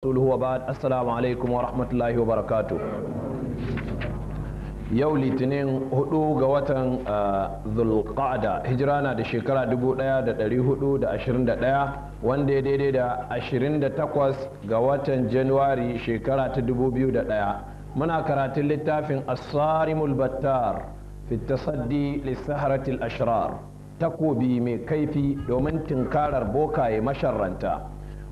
rasuluhu wa ba'ad assalamu alaikum wa rahmatullahi wa yau litinin hudu ga watan zulqa'da hijira na da shekara 1421 wanda ya daidai da 28 ga watan Januari shekara ta 2001 muna karatun littafin asarimul battar fi tasaddi lissaharatil ashrar takobi mai kaifi domin tinkarar bokaye masharranta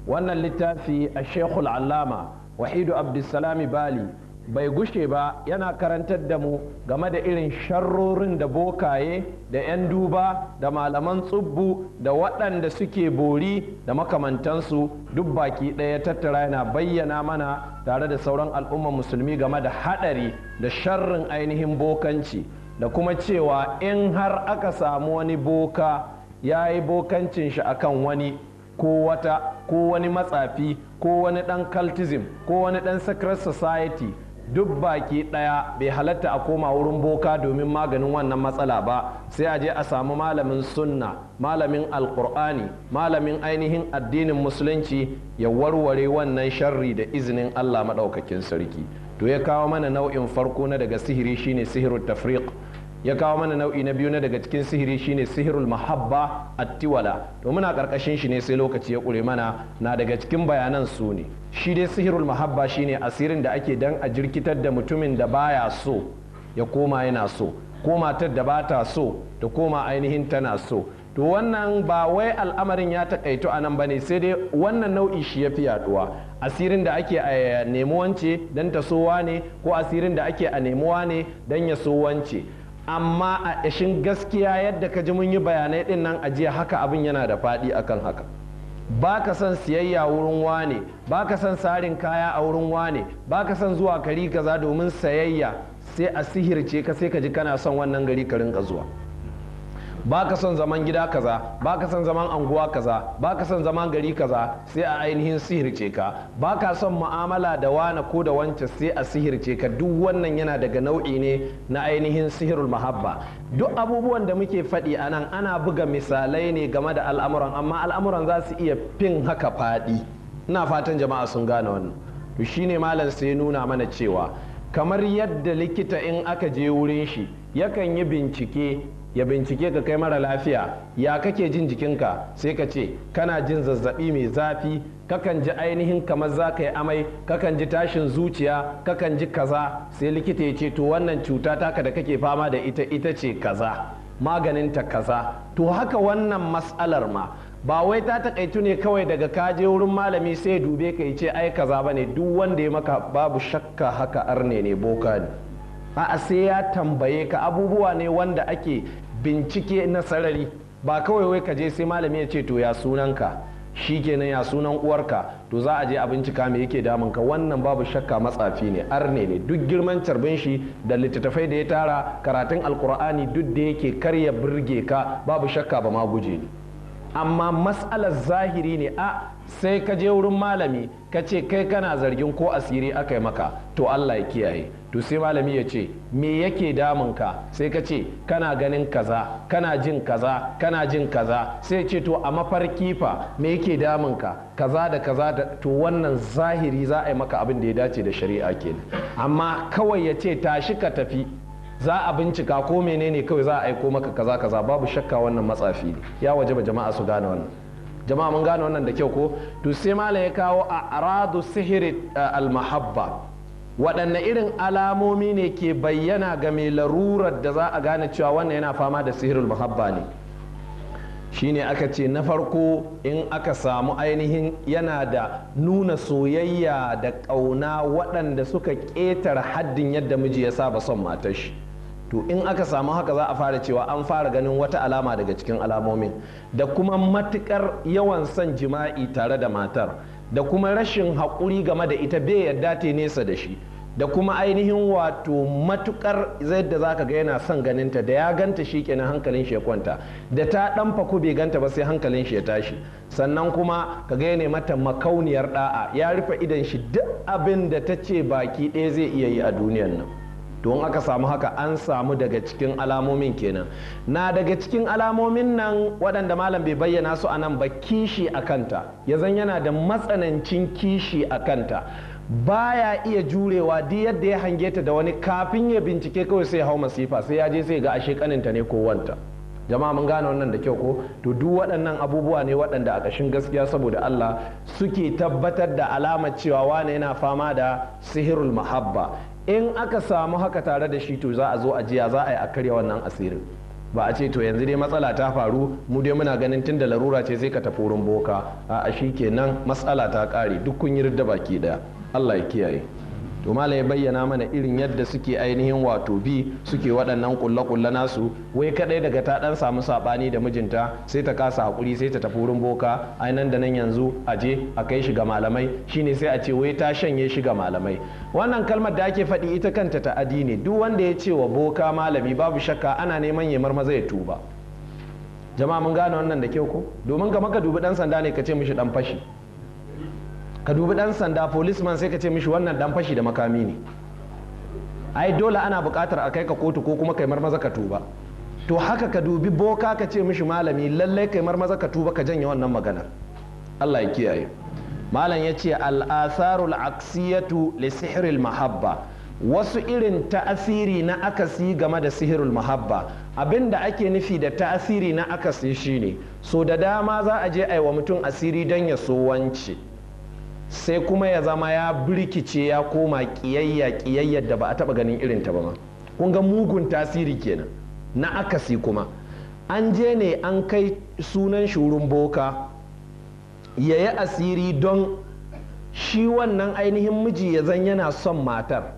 wannan littafi a shekul allama wahidu abdulsalami bali bai gushe ba yana karantar da mu game da irin sharrorin da bokaye da 'yan duba da malaman tsubbu da waɗanda suke bori da makamantansu duk baki ɗaya tattara yana bayyana mana tare da sauran al'ummar musulmi game da haɗari da sharrin ainihin bokanci da kuma cewa in har aka samu wani boka ya yi bokancin shi akan wani ko wata ko wani matsafi ko wani ɗan cultism ko wani ɗan secret society duk baki ɗaya bai halatta a koma wurin boka domin maganin wannan matsala ba sai a je a samu malamin sunna malamin alkur'ani malamin ainihin addinin musulunci ya warware wannan sharri da izinin allah maɗaukakin sarki to ya kawo mana nau'in farko na daga sihiri shine sihirin tafriq ya kawo mana nau'i na biyu na daga cikin sihiri shine sihirul mahabba attiwala to muna karkashin shi ne sai lokaci ya kure mana na daga cikin bayanan su ne shi dai sihirul mahabba shine asirin da ake dan a jirkitar da mutumin da baya so ya koma yana so ko matar da bata so ta koma ainihin tana so to wannan ba wai al'amarin ya takaito anan nan ba ne sai dai wannan nau'i shi ya fi yaduwa asirin da ake a nemuwance dan ta so wane ko asirin da ake a nemuwa ne dan ya so wance amma a ƙashin eh, gaskiya yadda ka ji mun yi bayanai din nan a jiya haka abin yana da faɗi akan haka ba ka son siyayya wurin wane ba ka son sarin kaya a wurin wane ba ka son zuwa kari kaza domin sayayya sai a sihirce ka sai ka ji kana son wannan gari ka rinka zuwa ba ka son zaman gida kaza ba ka son zaman anguwa kaza ba ka son zaman gari kaza sai a ainihin sihirce ka ba ka son mu'amala da wana ko da wance sai a sihirce ka duk wannan yana daga nau'i ne na ainihin sihirul mahabba duk abubuwan da muke faɗi a nan ana buga misalai ne game da al'amuran amma al'amuran za su iya fin haka faɗi ina fatan jama'a sun gane wannan to shine malam sai nuna mana cewa kamar yadda likita in aka je wurin shi yakan yi bincike ya bincike ka kai mara lafiya ya kake jin jikinka sai ka ce kana jin zazzabi mai zafi kakan ji ainihin kamar za ka yi amai kakan ji tashin zuciya kakan ji kaza sai likita ya ce to wannan cuta taka da kake fama da ita ita ce kaza maganin ta kaza to haka wannan matsalar ma ba wai ta takaitu ne kawai daga kaje wurin malami sai dube ka ya ce ai kaza ba ne duk wanda ya maka babu shakka haka arne ne boka ne a sai ya tambaye ka abubuwa ne wanda ake bincike na sarari ba kawai wai ka je sai malami ya ce to ya sunan ka shi kenan ya sunan uwarka to za a je a bincika me yake damun ka wannan babu shakka matsafi ne arne ne duk girman carbin shi da littattafai da ya tara karatun alkur'ani duk da yake karya birge ka babu shakka ba ma guje ne amma matsalar zahiri ne a sai ka je wurin malami ka ce kai kana zargin ko asiri aka yi maka to Allah ya kiyaye to sai malami ya ce me yake ka sai ka ce kana ganin kaza kana jin kaza kana jin kaza sai ce to a mafarki fa me yake ka kaza da kaza da to wannan zahiri za a yi maka abin da ya dace da shari'a kenan amma kawai ya ce tashi ka tafi za a bincika ko menene kawai za a aiko maka kaza kaza babu shakka wannan matsafi ne ya waje ba jama'a su gane wannan jama'a mun gane wannan da kyau ko to sai malam ya kawo a aradu sihiri almahabba waɗanne irin alamomi ne ke bayyana ga mai larurar da za a gane cewa wannan yana fama da sihirul muhabba ne shine aka ce na farko in aka samu ainihin yana da nuna soyayya da ƙauna waɗanda suka ƙetare haddin yadda miji ya saba son matar shi to in aka samu haka za a fara cewa an fara ganin wata alama daga cikin alamomin da kuma matukar yawan son jima'i tare da matar da kuma rashin haƙuri game da ita bai yadda ta nesa da shi da kuma ainihin wato matukar yadda za ka ga yana son ganinta da ya ganta shi kenan hankalin shi ya kwanta da ta dan fa bai ganta ba sai hankalin shi ya tashi sannan kuma ka ga mata makauniyar da'a ya rufe idan shi duk abin da ta ce baki ɗaya zai iya yi a duniyar nan don aka samu haka an samu daga cikin alamomin kenan na daga cikin alamomin nan waɗanda malam bai bayyana su a nan ba kishi a kanta ya zan yana da matsanancin kishi a kanta baya iya jurewa duk yadda ya hange ta da wani kafin ya bincike kawai sai hau masifa sai ya je sai ga ashe kaninta ne ko wanta jama'a mun gane wannan da kyau ko to duk waɗannan abubuwa ne waɗanda a ƙashin gaskiya saboda Allah suke tabbatar da alamar cewa wane yana fama da sihirul mahabba in aka samu haka tare da shi to za a zo ajiya za a yi a karya wannan asirin ba a ce to yanzu dai matsala ta faru mu dai muna ganin tun da larura ce zai ka tafi wurin boka a shi kenan matsala ta kare duk kun yi da baki daya Allah ya kiyaye to mala ya bayyana mana irin yadda suke ainihin wato bi suke waɗannan kulle-kulle nasu wai kaɗai daga ta ɗan samu saɓani da mijinta sai ta kasa haƙuri sai ta tafi wurin boka ainihin da nan yanzu a je a kai shi ga malamai shine sai a ce wai ta shanye shi ga malamai wannan kalmar da ake faɗi ita kanta ta adi duk wanda ya ce wa boka malami babu shakka ana neman ya maza ya tuba jama'a mun gane wannan da kyau ko domin ga maka dubi ɗan sanda ne ka ce mishi dan fashi ka dubi dan sanda policeman sai ka ce mishi wannan dan fashi da makami ne ai dole ana bukatar a kai ka kotu ko kuma kai marmaza ka tuba to haka ka dubi boka ka ce mishi malami lallai kai marmaza ka tuba ka janye wannan maganar Allah ya kiyaye malam ya ce al'asarul aksiyatu li sihiril mahabba wasu irin ta'asiri na akasi game da sihirul mahabba abinda ake nufi da ta'asiri na akasi shine so da dama za a je a yi wa mutum asiri don ya so wance sai kuma ya zama ya birkice ya koma kiyayya kiyayyar da ba a taba ganin irin ta ba ma kun ga mugun tasiri kenan na akasi kuma an je ne an kai sunan shurun boka ya yi asiri don shi wannan ainihin miji ya zan yana son matar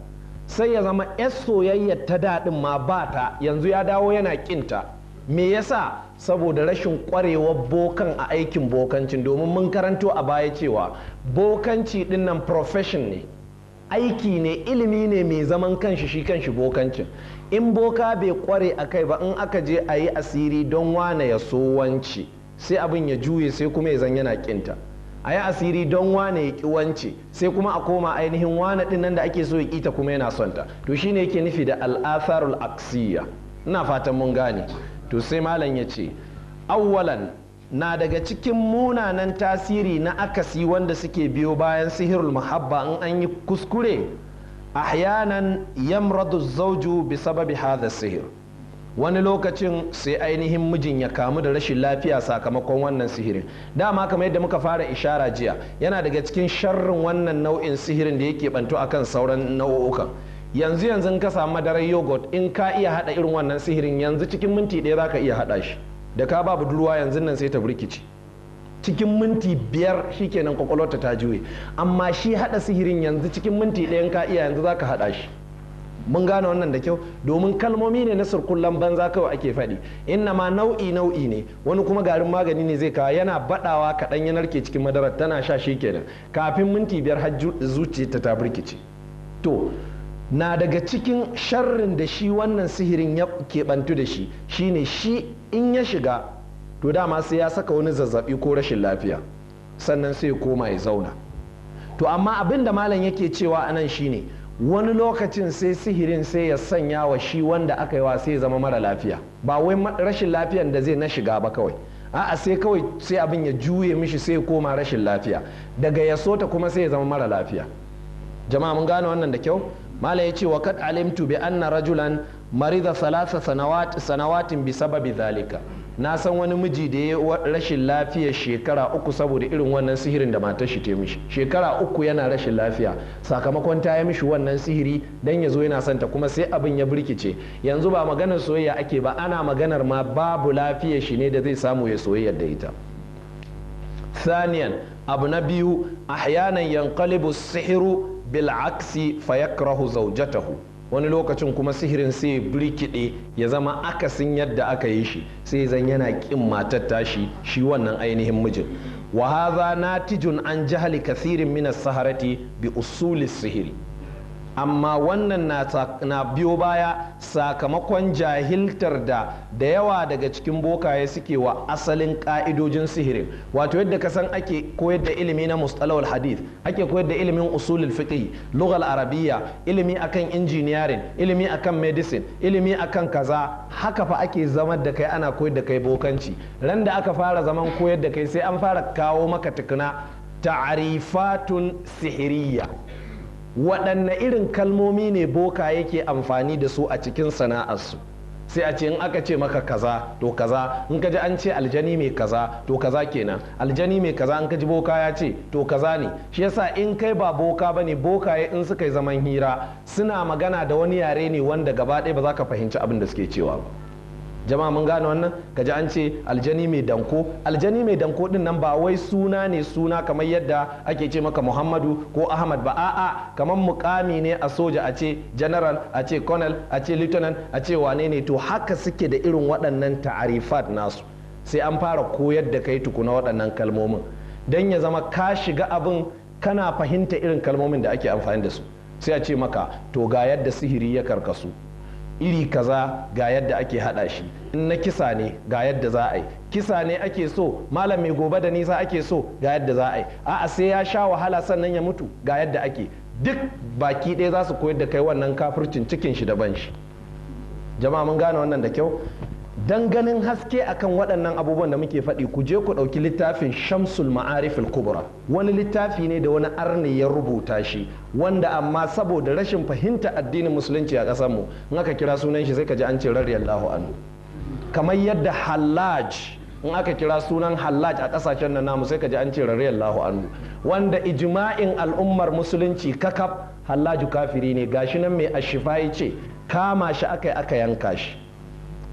sai ya zama 'yar soyayyar ta daɗin ma ba ta yanzu ya dawo yana ƙinta me yasa saboda rashin kwarewar bokan a aikin bokancin domin mun karanto a baya cewa bokanci dinnan profession ne aiki ne ilimi ne mai zaman kanshi shi kanshi bokancin in boka bai kware a kai ba in aka je a yi asiri don wane ya so wanci sai abin ya juye sai kuma ya zan yana kinta a yi asiri don wane ya wance sai kuma a koma ainihin wane din nan da ake so ya kita kuma yana sonta ta to shine yake nufi da al'atharul aksiya ina fatan mun gane to sai malam ya ce awwalan na daga cikin munanan tasiri na akasi wanda suke biyo bayan sihirul muhabba in an yi kuskure ahyanan yamradu zauju bi sababi hadha sihir wani lokacin sai ainihin mijin ya kamu da rashin lafiya sakamakon wannan sihirin dama kamar yadda muka fara ishara jiya yana daga cikin sharrin wannan nau'in sihirin da yake banto akan sauran nau'ukan yanzu yanzu ka samu madarar yogurt in ka iya hada irin wannan sihirin yanzu cikin minti ɗaya za ka iya hada shi da ka ba budurwa yanzu nan sai ta burkici cikin minti biyar shikenan kwakwalwarta ta juye amma shi hada sihirin yanzu cikin minti ɗaya ka iya yanzu za ka hada shi mun gane wannan da kyau domin kalmomi ne na surkullan banza kawai ake faɗi inna ma nau'i nau'i ne wani kuma garin magani ne zai kawo yana baɗawa kaɗan ya narke cikin madarar tana sha shi kenan kafin minti biyar har zuciya ta ta birkice to na daga cikin sharrin da shi wannan sihirin ya keɓantu da shi shine shi in ya shiga to dama sai ya saka wani zazzabi ko rashin lafiya sannan sai ya koma ya zauna to amma abin da malam yake cewa anan shine wani lokacin sai sihirin sai ya sanya wa shi wanda aka yi wa sai ya zama mara lafiya ba wai rashin lafiyan da zai na shiga ba kawai a'a sai kawai sai abin ya juye mishi sai ya koma rashin lafiya daga ya sota kuma sai ya zama mara lafiya jama'a mun gane wannan da kyau mala ya ce wa kad alimtu bi anna rajulan marida salasa sanawatin bi sababi zalika na san wani miji da ya rashin lafiya shekara uku saboda irin wannan sihirin da matar shi ta mishi shekara uku yana rashin lafiya sakamakon ta yi mishi wannan sihiri dan ya zo yana santa kuma sai abin ya birkice yanzu ba maganar soyayya ake ba ana maganar ma babu lafiya shi ne da zai samu ya soyayya da ita saniyan abu na biyu ahyanan yankalibu sihiru bil'aksi fayakrahu zaujatahu wani lokacin kuma sihirin sai birkiɗe ya zama akasin yadda aka yi shi sai zan yana ƙin matar tashi shi wannan ainihin mijin wa haza natijun an jahali kathirin minas saharati bi usuli sihiri amma wannan na biyo baya sakamakon jahiltar da da yawa daga cikin bokaye suke wa asalin ka'idojin sihirin wato yadda ka san ake koyar da ilimi na mustalawal hadith ake koyar da ilimin usulul fiqh lughal arabiyya ilimi akan engineering ilimi akan medicine ilimi akan kaza haka fa ake zamar da kai ana koyar da kai bokanci ran da aka fara zaman koyar da kai sai an fara kawo maka tukuna ta'rifatun sihiriyya waɗanne irin kalmomi ne boka yake amfani da su a cikin sana'arsu sai a ce in aka ce maka kaza to kaza in ka ji an ce aljani mai kaza to kaza kenan aljani mai kaza in ka ji boka ya ce to kaza ne shi yasa in kai ba boka ba ne bokaye in suka yi zaman hira suna magana da wani yare ne wanda gaba ɗaya ba za ka fahimci abin da suke cewa ba jama'a mun gane wannan kaji an ce aljani mai danko aljani mai danko din nan ba wai suna ne suna kamar yadda ake ce maka muhammadu ko ahmad ba a'a kamar mukami ne a soja a ce general a ce colonel a ce lieutenant a ce wane ne to haka suke da irin waɗannan ta'arifat nasu sai an fara koyar da kai tukuna waɗannan kalmomin don ya zama ka shiga abin kana fahimta irin kalmomin da ake amfani da su sai a ce maka to ga yadda sihiri ya karkasu iri kaza ga yadda ake hada shi in na kisa ne ga yadda za a yi kisa ne ake so malam mai gobe da nisa ake so ga yadda za a yi a sai ya sha wahala sannan ya mutu ga yadda ake duk baki ɗaya za su koyar da kai wannan kafircin cikin shi da ban shi jama'a mun gane wannan da kyau don ganin haske akan waɗannan abubuwan da muke faɗi ku je ku ɗauki littafin shamsul ma'arifin kubra wani littafi ne da wani arni ya rubuta shi wanda amma saboda rashin fahimta addinin musulunci a ƙasar in aka kira sunan shi sai ka ji an ce Allahu anhu kamar yadda hallaj in aka kira sunan hallaj a ƙasashen na namu sai ka ji an ce Allahu anhu wanda ijma'in al'ummar musulunci kakaf hallaju kafiri ne gashi nan mai ashifa ce kama shi aka aka yanka shi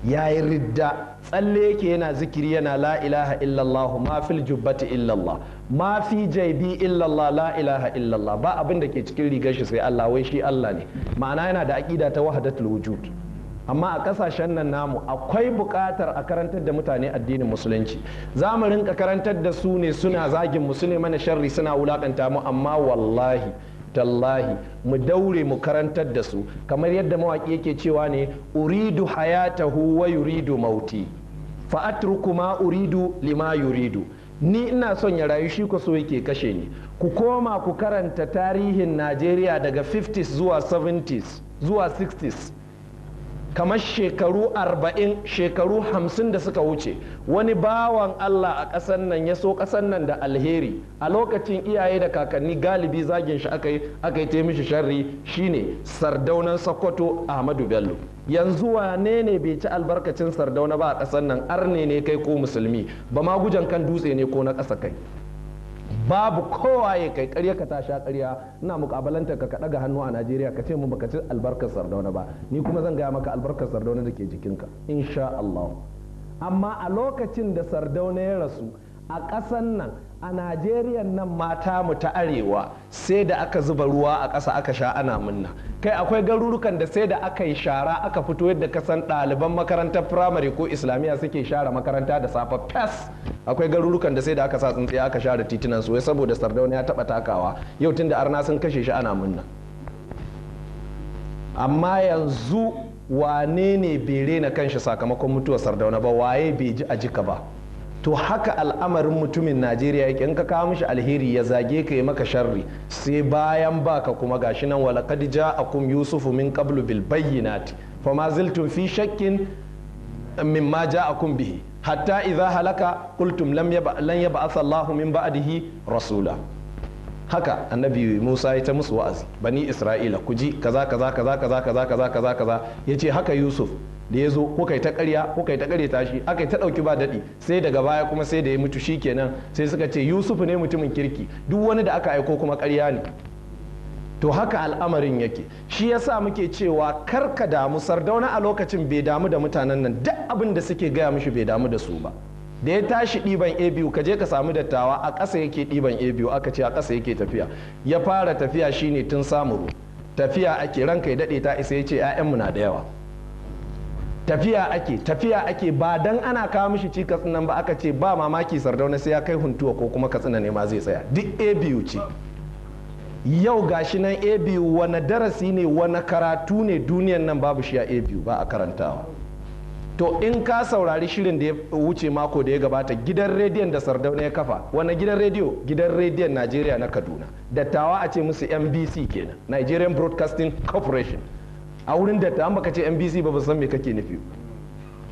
ya yi ridda tsalle yake yana zikiri yana la ilaha illallah ma fil jubbati illallah ma fi jaibi illallah la ilaha illallah ba abin da ke cikin rigar shi sai Allah wai shi Allah ne ma'ana yana da aqida ta wahdatul wujud amma a kasashen nan namu akwai buƙatar a karantar da mutane addinin musulunci za mu rinka karantar da su ne suna zagin musulmi mana sharri suna wulakanta mu amma wallahi tallahi mu daure mu karantar da su kamar yadda mawaƙi yake cewa ne uridu hayatahu wa yuridu mauti fa kuma uridu lima yuridu ni ina son ya rayu shi ku so yake kashe ni ku koma ku karanta tarihin Najeriya daga 50s zuwa 70s zuwa 60s kamar shekaru arba'in shekaru hamsin da suka wuce wani bawan Allah a ƙasar nan ya so ƙasar nan da alheri a lokacin iyaye da kakanni galibi zagin shi aka yi aka yi mishi sharri shine sardaunan sokoto ahmadu bello yanzu wane ne bai ci albarkacin sardauna ba a ƙasar nan arne ne kai ko musulmi ba ma gujan kan dutse ne ko na ƙasa kai babu kowa ya kai karya ka ta sha karya ina mukabalanta ka ka ga hannu a najeriya ka ce mu baka ci albarkar sardauna ba ni kuma zan gaya maka albarkar sardauna da ke jikinka insha allah amma a lokacin da sardauna ya rasu a ƙasan nan a najeriya nan mata mu ta arewa sai da aka zuba ruwa a ƙasa aka sha ana munna kai akwai garurukan da sai da aka yi shara aka fito yadda ka san ɗaliban makarantar firamare ko islamiyya suke share makaranta da safa fes akwai garurukan da sai da aka sa tsuntsiya aka share titunan su saboda sardauna ya taɓa takawa yau tun da arna sun kashe shi ana munna amma yanzu wane ne bere na kanshi sakamakon mutuwar sardauna ba waye bai ji a jika ba to haka al'amarin mutumin najeriya yake in ka kawo mishi alheri ya zage ka yi maka sharri sai bayan baka kuma gashi nan wala kadija akum yusufu min qablu bil bayyinati fa ma ziltum fi shakkin mimma ja'akum bihi hatta idza halaka qultum lam yaba lan yab'ath Allahu min ba'dihi rasula haka annabi Musa ya ta musu wa'azi bani Isra'ila ku ji kaza kaza kaza kaza kaza kaza kaza kaza yace haka Yusuf da ya zo ko kai ta karya ko kai ta ƙarya tashi aka yi ta ɗauki ba daɗi sai daga baya kuma sai da ya mutu shi kenan sai suka ce yusuf ne mutumin kirki duk wani da aka aiko kuma karya ne to haka al'amarin yake shi yasa muke cewa karka damu sardauna a lokacin bai damu da mutanen nan duk abin da suke gaya mishi bai damu da su ba da ya tashi ɗiban a biyu ka je ka samu dattawa a ƙasa yake ɗiban a biyu aka ce a ƙasa yake tafiya ya fara tafiya shine tun samuru tafiya ake ranka ya daɗe ta isa ya ce 'ya'yanmu na da yawa tafiya ake tafiya ake ba dan ana kawo mishi cikas nan ba aka ce ba mamaki sardauna sai ya kai huntuwa ko kuma katsina ne ma zai tsaya duk abu ce yau gashi nan abu wani darasi ne wani karatu ne duniyan nan babu shi a abu ba a karantawa to in ka saurari shirin da ya wuce mako da ya gabata gidan rediyon da sardauna ya kafa wani gidan rediyo gidan rediyon najeriya na kaduna dattawa a ce musu mbc kenan nigerian broadcasting corporation a wurin datta an baka ce NBC ba ba san me kake nufi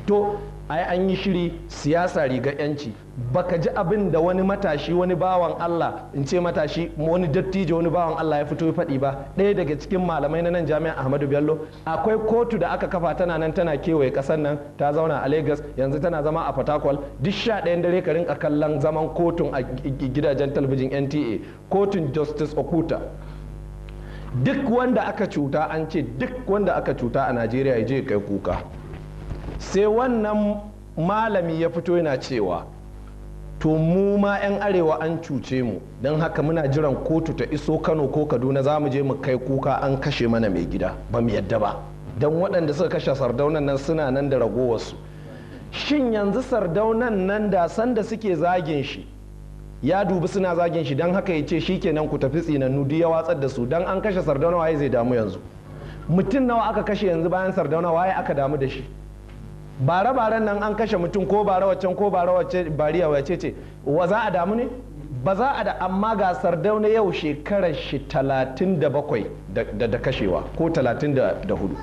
to ai an yi shiri siyasa riga yanci baka ji abin da wani matashi wani bawan Allah in ce matashi wani dattijo wani bawan Allah ya fito ya faɗi ba ɗaya daga cikin malamai na nan jami'a Ahmadu Bello akwai kotu da aka kafa tana nan tana kewaye ƙasar nan ta zauna a Lagos yanzu tana zama a Fatakwal duk sha ɗayan dare ka rinka kallon zaman kotun a gidajen talabijin NTA kotun Justice Okuta duk wanda aka cuta an ce duk wanda aka cuta a najeriya ya je kai kuka sai wannan malami ya fito yana cewa to mu ma 'yan arewa an cuce mu don haka muna jiran kotu ta iso kano ko kaduna za mu je mu kai kuka an kashe mana mai gida ba mu yadda ba don waɗanda suka kashe sardaunan nan suna nan da ragowarsu shin yanzu sardaunan nan da sanda suke zagin shi ya dubi suna zagin shi don haka ya ce shi nan ku tafi tsinannu duk ya watsar da su don an kashe sardauna waye zai damu yanzu mutum nawa aka kashe yanzu bayan sardauna waye aka damu da shi bare baren nan an kashe mutum ko bare waccan ko bare wacce bariya wacce ce wa za a damu ne ba za a da amma ga sardauna yau shekarar shi talatin da bakwai da kashewa ko talatin da hudu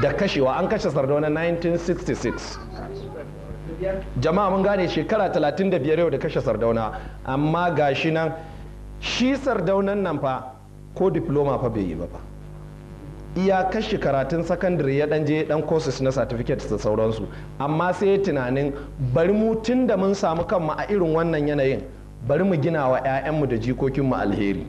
da kashewa an kashe sardauna 1966 jama'a mun gane shekara 35 yau da kashe sardauna amma ga shi nan shi sardaunan nan fa ko diploma fa bai yi ba fa iya kashe karatun sakandare ya dan je dan courses na certificate da sauransu amma sai tunanin bari mu tun da mun samu kanmu a irin wannan yanayin bari mu gina wa 'ya'yanmu da jikokinmu alheri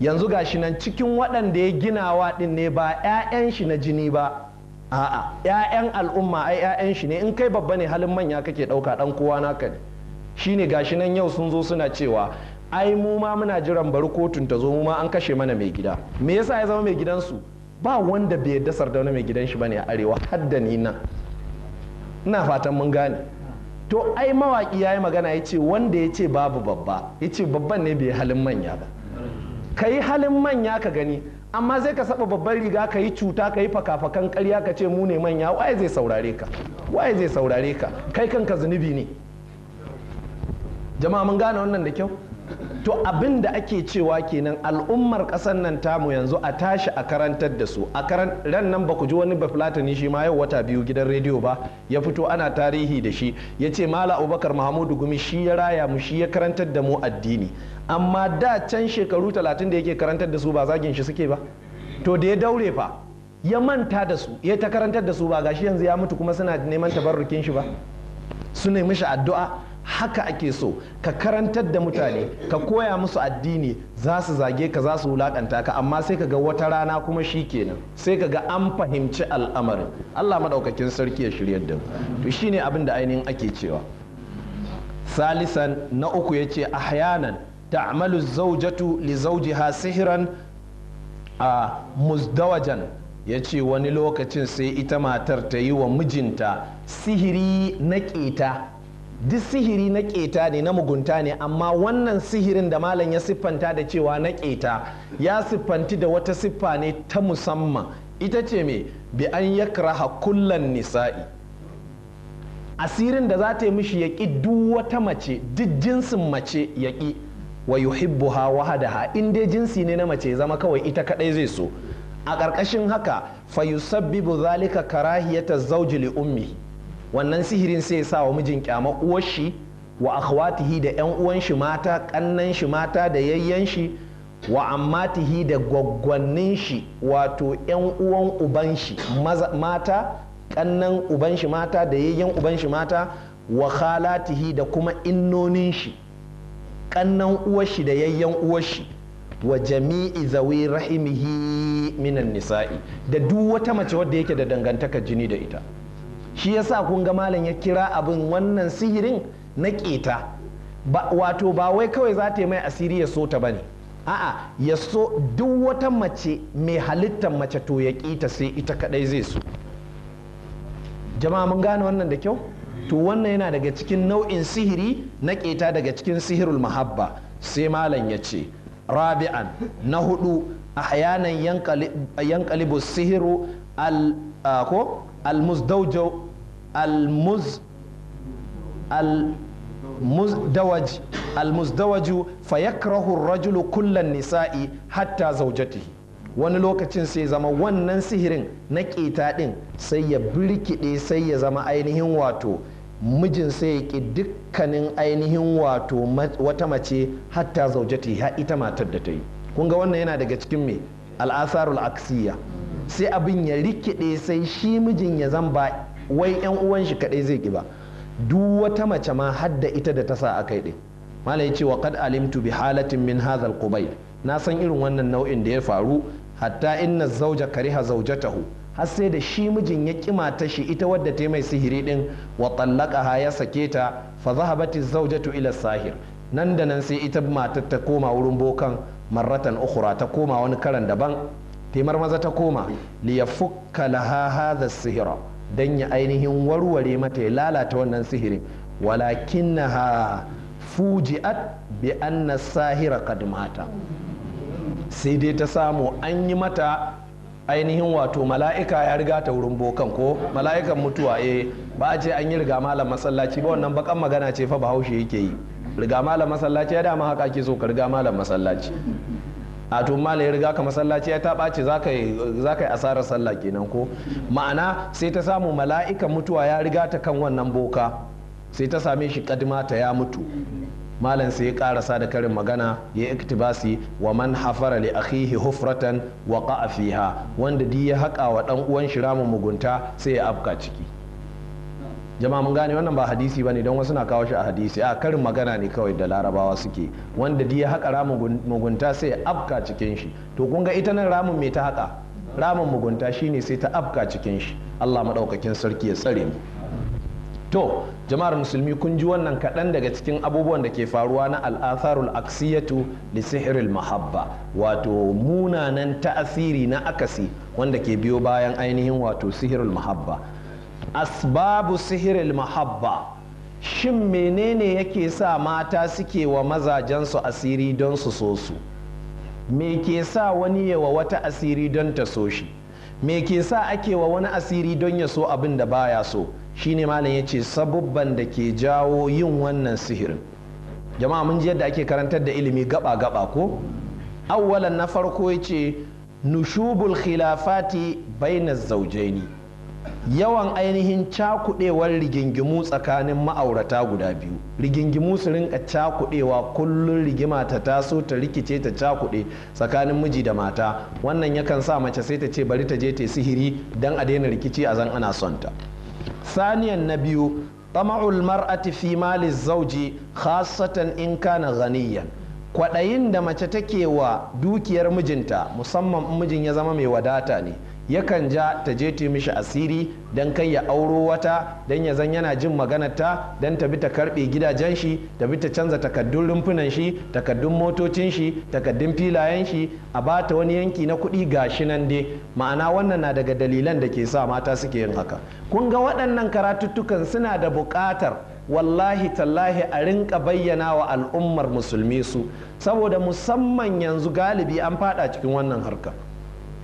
yanzu ga shi nan cikin waɗanda ya ginawa ɗin ne ba 'ya'yan shi na jini ba a'a 'ya'yan al'umma ai 'ya'yan shi ne in kai babba ne halin manya kake ɗauka ɗan kowa naka ne shine gashi nan yau sun zo suna cewa ai mu ma muna jiran bari kotun ta zo mu ma an kashe mana mai gida me yasa ya zama mai gidansu ba wanda bai yadda wani mai gidan shi bane a arewa har da ni nan ina fatan mun gane to ai mawaki yayi magana yace wanda yace babu babba yace babban ne bai halin manya ba ka halin manya ka gani amma zai ka saba babban riga ka yi cuta ka yi fakafakan karya ka ce mu ne manya waye zai saurare ka waye zai saurare ka kai kanka zunubi ne jama'a mun gane wannan da kyau to abin da ake cewa kenan al'ummar kasan nan tamu yanzu a tashi a karantar da su a karan ran nan ba ku ji wani bafulatani shi ma yau wata biyu gidan rediyo ba ya fito ana tarihi da shi ya ce mala abubakar mahamudu gumi shi ya raya mu shi ya karantar da mu addini amma da can shekaru talatin da yake karantar da su ba zagin shi suke ba to da ya daure fa ya manta da su ya ta karantar da su ba gashi yanzu ya mutu kuma suna neman tabarrukin shi ba su ne mishi addu'a haka ake so ka karantar da mutane ka koya musu addini za su zage ka za su wulakanta ka amma sai ka ga wata rana kuma shi kenan sai ka ga an fahimci al'amarin Allah maɗaukakin sarki ya shirya da mu to shine abin da ainihin ake cewa salisan na uku ya ce ahyanan ta'malu zaujatu li zaujiha sihiran a muzdawajan ya ce wani lokacin sai ita matar ta yi wa mijinta sihiri na keta duk sihiri na keta ne na mugunta ne amma wannan sihirin da malam ya siffanta da cewa na keta ya siffanti da wata siffa ne ta musamman ita ce mai bi an yakraha kullan nisa'i asirin da za ta yi mishi ya duk wata mace duk jinsin mace yaƙi. wa yuhibbuha wahadaha in dai jinsi ne na mace zama kawai ita kadai zai so a ƙarƙashin haka fa yusabbibu zalika karahiyata zawji li ummi wannan sihirin sai ya sa wa mijin kyama uwar shi wa akhwatihi da yan uwan shi mata kannan shi mata da yayyan shi wa ammatihi da gwaggwannin shi wato ƴan uwan uban shi mata kannan uban shi mata da yayyan uban shi mata wa khalatihi da kuma innonin shi kannan uwashi da yayyan uwashi wa jami'i zawi rahimihi minan nisa'i da duk wata mace wadda yake da dangantaka jini da ita shi yasa kun ga malam ya kira abin wannan sihirin na keta wato ba wai kawai za ta yi mai asiri ya so ta bane a'a ya so duk wata mace mai halittar mace to ya kita sai ita kadai zai so jama'a mun gane wannan da kyau to wannan yana daga cikin nau'in sihiri na keta daga cikin sihirul mahabba sai malam ya ce rabi'an na hudu hayanan yankalibu sihiru al al fayakrahu rajulu kullan nisa'i hatta zaujati wani lokacin sai zama wannan sihirin na keta din sai ya birkiɗe sai ya zama ainihin wato mijin sai ya ki dukkanin ainihin wato wata mace hatta zaujati ha ita matar da ta yi kun ga wannan yana daga cikin me al'asarul aksiya sai abin ya rikide sai shi mijin ya zan ba wai yan uwan shi kadai zai ki ba duk wata mace ma hadda ita da ta sa akai din malai ce wa qad alimtu bi halatin min hadha al na san irin wannan nau'in da ya faru hatta inna zauja kariha zaujatahu har sai da shi mijin ya kima ta shi ita wadda ta mai sihiri din wa ha ya sake ta fa zahabati zawjatu ila sahir nan da nan sai ita matar ta koma wurin bokan marratan ukhra ta koma wani karan daban taimar maza ta koma li yafukka laha hadha sihira dan ya ainihin warware mata ya lalata wannan sihirin walakinnaha fuji'at bi anna sahira qad mata sai dai ta samu an yi mata ainihin wato mala'ika ya riga ta wurin bokan ko mala'ikan mutuwa eh ba a ce an yi riga malam masallaci ba wannan bakan magana ce fa bahaushe yake yi riga malam masallaci ya dama haka ake so ka riga malam masallaci a to malam ya riga ka masallaci ya ta ce za ka yi asarar sallah kenan ko ma'ana sai ta samu mala'ikan mutuwa ya riga ta kan wannan boka sai ta same shi kadima ta ya mutu malam sai ya karasa da karin magana ya iktibasi wa man hafara li akhihi hufratan wa qa'a fiha wanda di ya haƙa wa dan uwan shi ramin mugunta sai ya afka ciki jama'a mun gane wannan ba hadisi bane don wasu na kawo shi a hadisi a karin magana ne kawai da larabawa suke wanda di ya haƙa ramin mugunta sai ya afka cikin shi to kun ga ita nan ramin me ta haka ramin mugunta shine sai ta afka cikin shi Allah madaukakin sarki ya tsare mu to jama'ar musulmi kun ji wannan kaɗan daga cikin abubuwan da ke faruwa na al'atharul aksiyatu li sihiril mahabba wato munanan ta'asiri na akasi wanda ke biyo bayan ainihin wato sihirul mahabba asbabu sihiril mahabba shin menene yake sa mata suke wa mazajensu asiri don su so su me ke sa wani yawa wata asiri don ta so shi me ke sa ake wa wani asiri don ya so abin da baya so Shi ne malam ya ce sabubban da ke jawo yin wannan sihirin jama'a mun ji yadda ake karantar da ilimi gaba-gaba ko awwalan na farko ya ce nushubul khilafati baina zaujaini yawan ainihin cakuɗewar rigingimu tsakanin ma'aurata guda biyu rigingimu su rinka cakuɗewa kullum rigima ta taso ta rikice ta cakuɗe tsakanin miji da mata wannan yakan sa mace sai ta ce bari ta je ta sihiri don a daina rikici a zan ana son ta saniyan na biyu tsama'ul mar'ati fi malis zauji khasatan in kana ganiyan kwaɗayin da mace take wa dukiyar mijinta musamman mijin ya zama mai wadata ne yakan ja ta je ta mishi asiri don kai ya auro wata don ya zan yana jin maganarta don ta bi ta karbe gidajen shi ta bi ta canza takaddun rumfunan shi takaddun motocin shi takaddun filayen shi a ba ta wani yanki na kuɗi gashi nan dai ma'ana wannan na daga dalilan da ke sa mata suke yin haka kun ga waɗannan karatuttukan suna da buƙatar wallahi tallahi a rinka bayyana wa al'ummar musulmi su saboda musamman yanzu galibi an fada cikin wannan harkar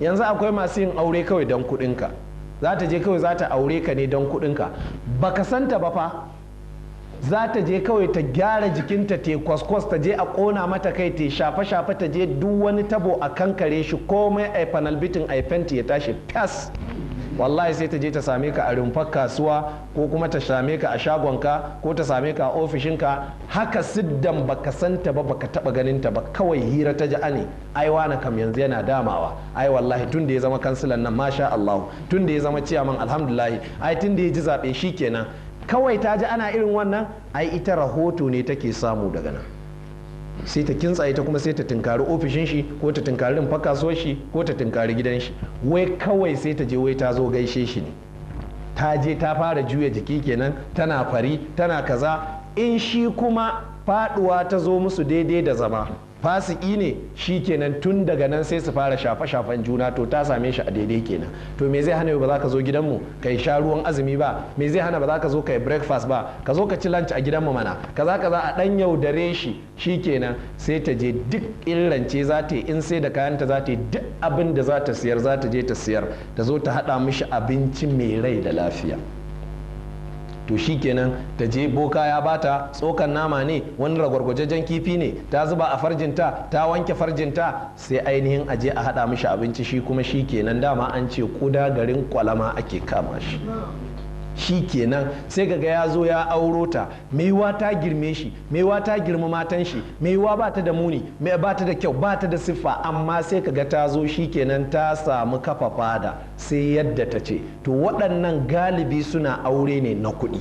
yanzu akwai masu yin aure kawai don kuɗinka za ta je kawai za ta aure ka ne don kuɗinka baka santa ba fa za ta je kawai ta gyara jikinta te kwaskwas ta je a ƙona mata kai te shafa shafa ta je duk wani tabo a kankare shi komai a fanalbitin a fenti ya tashi fas wallahi sai ta je ta same ka a rumfar kasuwa ko kuma ta same ka a shagonka ko ta same ka a ofishinka haka siddan baka santa ba baka taba ganin ta ba kawai hira ta ja'a ne ai wani kam yanzu yana damawa ai wallahi tun da ya zama kansilan nan masha Allah tun da ya zama ciyaman alhamdulillah ai tun da ya ji zabe shikenan kawai ta ji ana irin wannan ai ita rahoto ne take samu daga nan sai ta kintsaye ita kuma sai ta tunkari ofishin shi ko ta tunkari rumfar kasuwar shi ko ta tunkari gidan shi wai kawai sai ta je wai ta zo gaishe shi ne ta je ta fara juya jiki kenan tana fari tana kaza in shi kuma faduwa ta zo musu daidai da zama fasiki ne shi kenan tun daga nan sai su fara shafe-shafen juna to ta same shi a daidai kenan to me zai hana ba za ka zo gidanmu ka yi sha ruwan azumi ba me zai hana ba za ka zo ka yi breakfast ba ka zo ka ci lunch a gidanmu mana kaza kaza a dan yaudare shi shi kenan sai ta je duk rance za ta yi in sai da kayanta za ta yi duk abin da za ta siyar za ta je ta siyar ta zo ta haɗa mishi abinci mai rai da lafiya. to shikenan ta je boka ya bata tsokan nama ne wani ragwargwajajen kifi ne ta zuba a farjinta ta wanke farjinta sai ainihin aje a hada mishi abinci shi kuma shikenan dama an ce kuda garin kwalama ake kama shi shi kenan sai kaga ya zo ya auro ta maiwa ta girme shi maiwa ta girma matan shi maiwa ba ta da muni mai ba ta da kyau ba ta da siffa amma sai kaga ta zo shi kenan ta samu kafa fada sai yadda ta ce to waɗannan galibi suna aure ne na kuɗi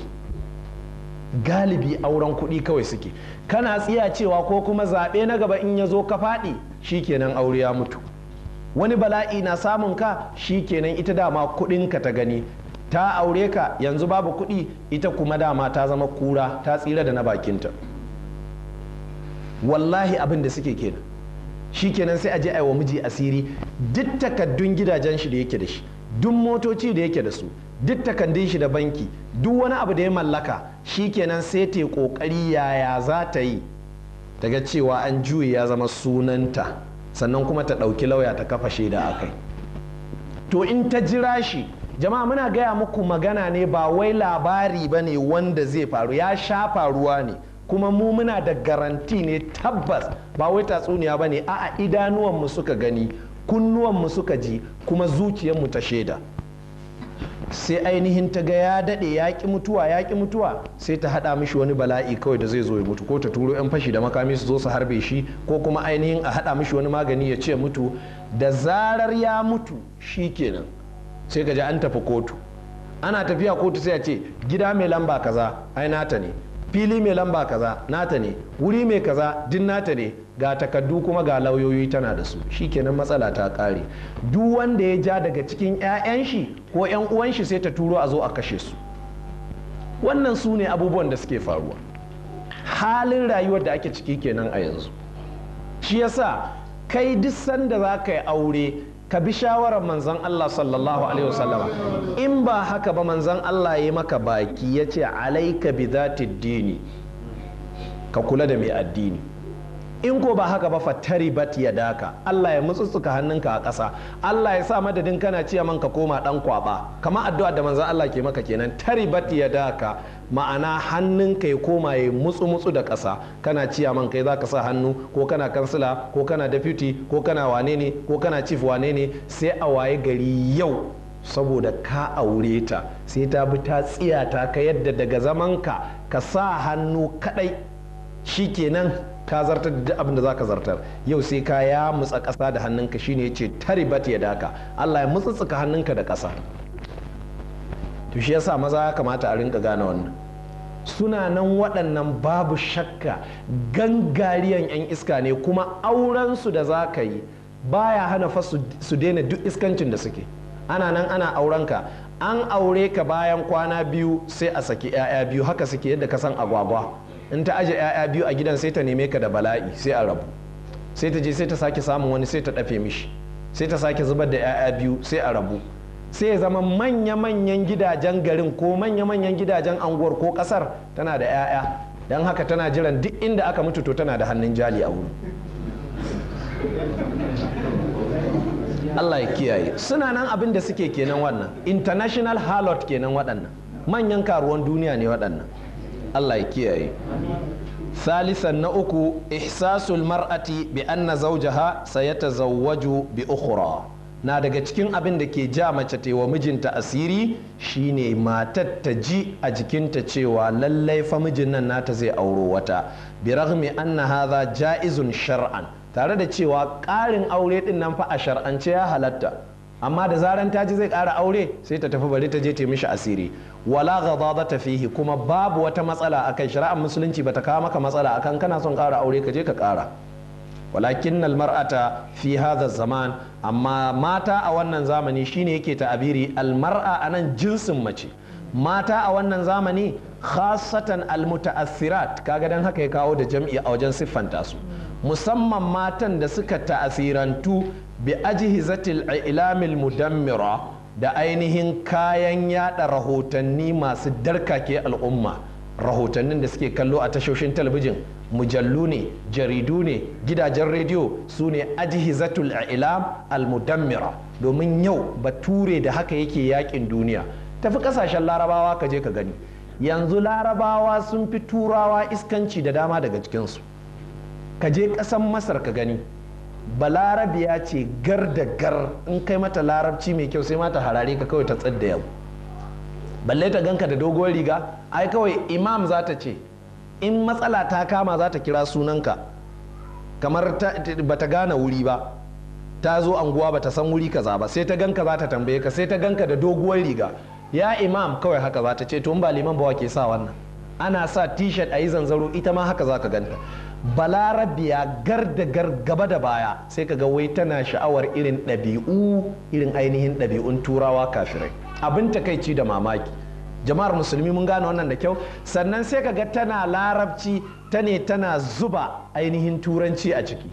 galibi auren kuɗi kawai suke kana tsiya cewa ko kuma zaɓe na gaba in ya zo ka faɗi shi kenan aure ya mutu wani bala'i na samun ka shi kenan ita dama kuɗinka ta gani ta aure ka yanzu babu kuɗi ita kuma dama ta zama kura ta tsira da na bakinta wallahi abin da suke kenan shi kenan sai a je a wa miji asiri duk takaddun gidajen shi da yake da shi duk motoci da yake da su duk takaddun shi da banki duk wani abu da ya mallaka shi kenan sai ta kokari yaya za ta yi daga cewa an juye ya zama sunanta sannan kuma ta ɗauki lauya ta kafa shaida a kai to in ta jira shi jama'a muna gaya muku magana ne ba wai labari ba ne wanda zai faru ya sha faruwa ne kuma mu muna da garanti ne tabbas ba wai tatsuniya ba ne a'a idanuwanmu suka gani kunnuwanmu suka ji kuma zuciyarmu ta shaida sai ainihin ta ga ya daɗe ya ƙi mutuwa ya ƙi mutuwa sai ta haɗa mishi wani bala'i kawai da zai zo ya mutu ko ta turo 'yan fashi da makami su zo su harbe shi ko kuma ainihin a haɗa mishi wani magani ya ce mutu da zarar ya mutu shi kenan sai ka an tafi kotu ana tafiya kotu sai a ce gida mai lamba kaza ai nata ne fili mai lamba kaza nata ne wuri mai kaza din nata ne ga takaddu kuma ga lauyoyi tana da su shikenan matsala ta kare duk wanda ya ja daga cikin 'ya'yan shi ko 'yan uwan shi sai ta turo a zo a kashe su wannan su ne abubuwan da suke faruwa halin rayuwar da ake ciki kenan a yanzu shi yasa kai duk sanda za ka yi aure ka bi shawarar manzan Allah sallallahu alaihi wasallama in ba haka ba manzan Allah ya maka baki ya ce alaika bi dini ka kula da mai addini in ko ba haka ba fattari bat ya daka Allah ya mutsutsuka hannunka a ƙasa Allah ya sa madadin kana ciya man ka koma dan kwaba kamar addu'a da manzon Allah ke maka kenan tari bat ya daka ma'ana hannunka ya koma ya mutsu mutsu da ƙasa kana ciya man kai zaka sa hannu ko kana kansila ko kana deputy ko kana wane ne ko kana chief wane ne sai a waye gari yau saboda ka aure ta sai ta bi ta tsiya ta ka yadda daga zamanka ka sa hannu kadai kenan. ka zartar da abin da zaka zartar yau sai ka ya mutsa ƙasa da hannunka shine yace taribat ya daka Allah ya mutsutsuka hannunka da ƙasa to shi yasa maza ya kamata a rinka gane wannan suna nan waɗannan babu shakka gangariyan 'yan iska ne kuma aurensu da za ka yi baya hana fa su daina duk iskancin da suke ana nan ana aurenka an aure ka bayan kwana biyu sai a saki 'ya'ya biyu haka suke yadda ka san agwagwa in ta aje 'ya'ya biyu a gidan sai ta neme ka da bala'i sai a rabu sai ta je sai ta sake samun wani sai ta dafe mishi sai ta sake zubar da 'ya'ya biyu sai a rabu sai ya zama manya-manyan gidajen garin ko manya-manyan gidajen anguwar ko kasar tana da 'ya'ya don haka tana jiran duk inda aka mutu to tana da hannun jali a wuri Allah ya kiyaye suna nan abin da suke kenan wannan international harlot kenan waɗannan manyan karuwan duniya ne waɗannan Allah ya kiyaye salisan na uku ihsasul mar'ati bi anna zawjaha sayatazawwaju bi ukhra na daga cikin abin da ke ja mace ta wa mijinta asiri shine matar ta ji a jikinta cewa lallai fa mijin nan nata zai auro wata bi raghmi anna hadha jaizun shar'an tare da cewa ƙarin aure din nan fa a shar'ance ya halatta amma da zaran ta ji zai ƙara aure sai ta tafi bari ta je ta mishi asiri wala ghadabata fihi kuma babu wata matsala akan shari'ar musulunci bata kawo maka matsala akan kana son kara aure ka je ka kara, walakin almar'ata fi hadha zaman amma mata a wannan zamani shine yake ta'abiri almar'a anan jinsin mace mata a wannan zamani khasatan almuta'assirat kaga dan haka ya kawo da jam'i a wajen siffanta su musamman matan da suka ta'asirantu bi ajhizatil ilamil mudammira da ainihin kayan yada rahotanni masu darkake al'umma rahotannin da suke kallo a tashoshin talabijin mujallu ne jaridu ne gidajen rediyo su ne ajihizatul ilam almudammira domin yau bature da haka yake yakin duniya tafi kasashen larabawa ka je ka gani yanzu larabawa sun fi turawa iskanci da dama daga cikinsu ka je ƙasan masar ka gani balarabiya ce gar da gar in kai mata larabci mai kyau sai mata harare ka kawai ta tsada yau balle ta ganka da dogon riga ai kawai imam za ta ce in matsala ta kama za ta kira sunanka kamar ba ta gane wuri ba ta zo anguwa ba ta san wuri kaza ba sai ta ganka za ta tambaye ka sai ta ganka da doguwar riga ya imam kawai haka za ta ce to ba liman ba wa ke sa wannan ana sa t-shirt a yi zanzaro ita ma haka za ka ganta balarabiya gar da gar gaba da baya sai kaga wai tana sha'awar irin ɗabi'u irin ainihin ɗabi'un turawa kafirai abin takaici da mamaki jama'ar musulmi mun gane wannan da kyau sannan sai kaga tana larabci ta ne tana zuba ainihin turanci a ciki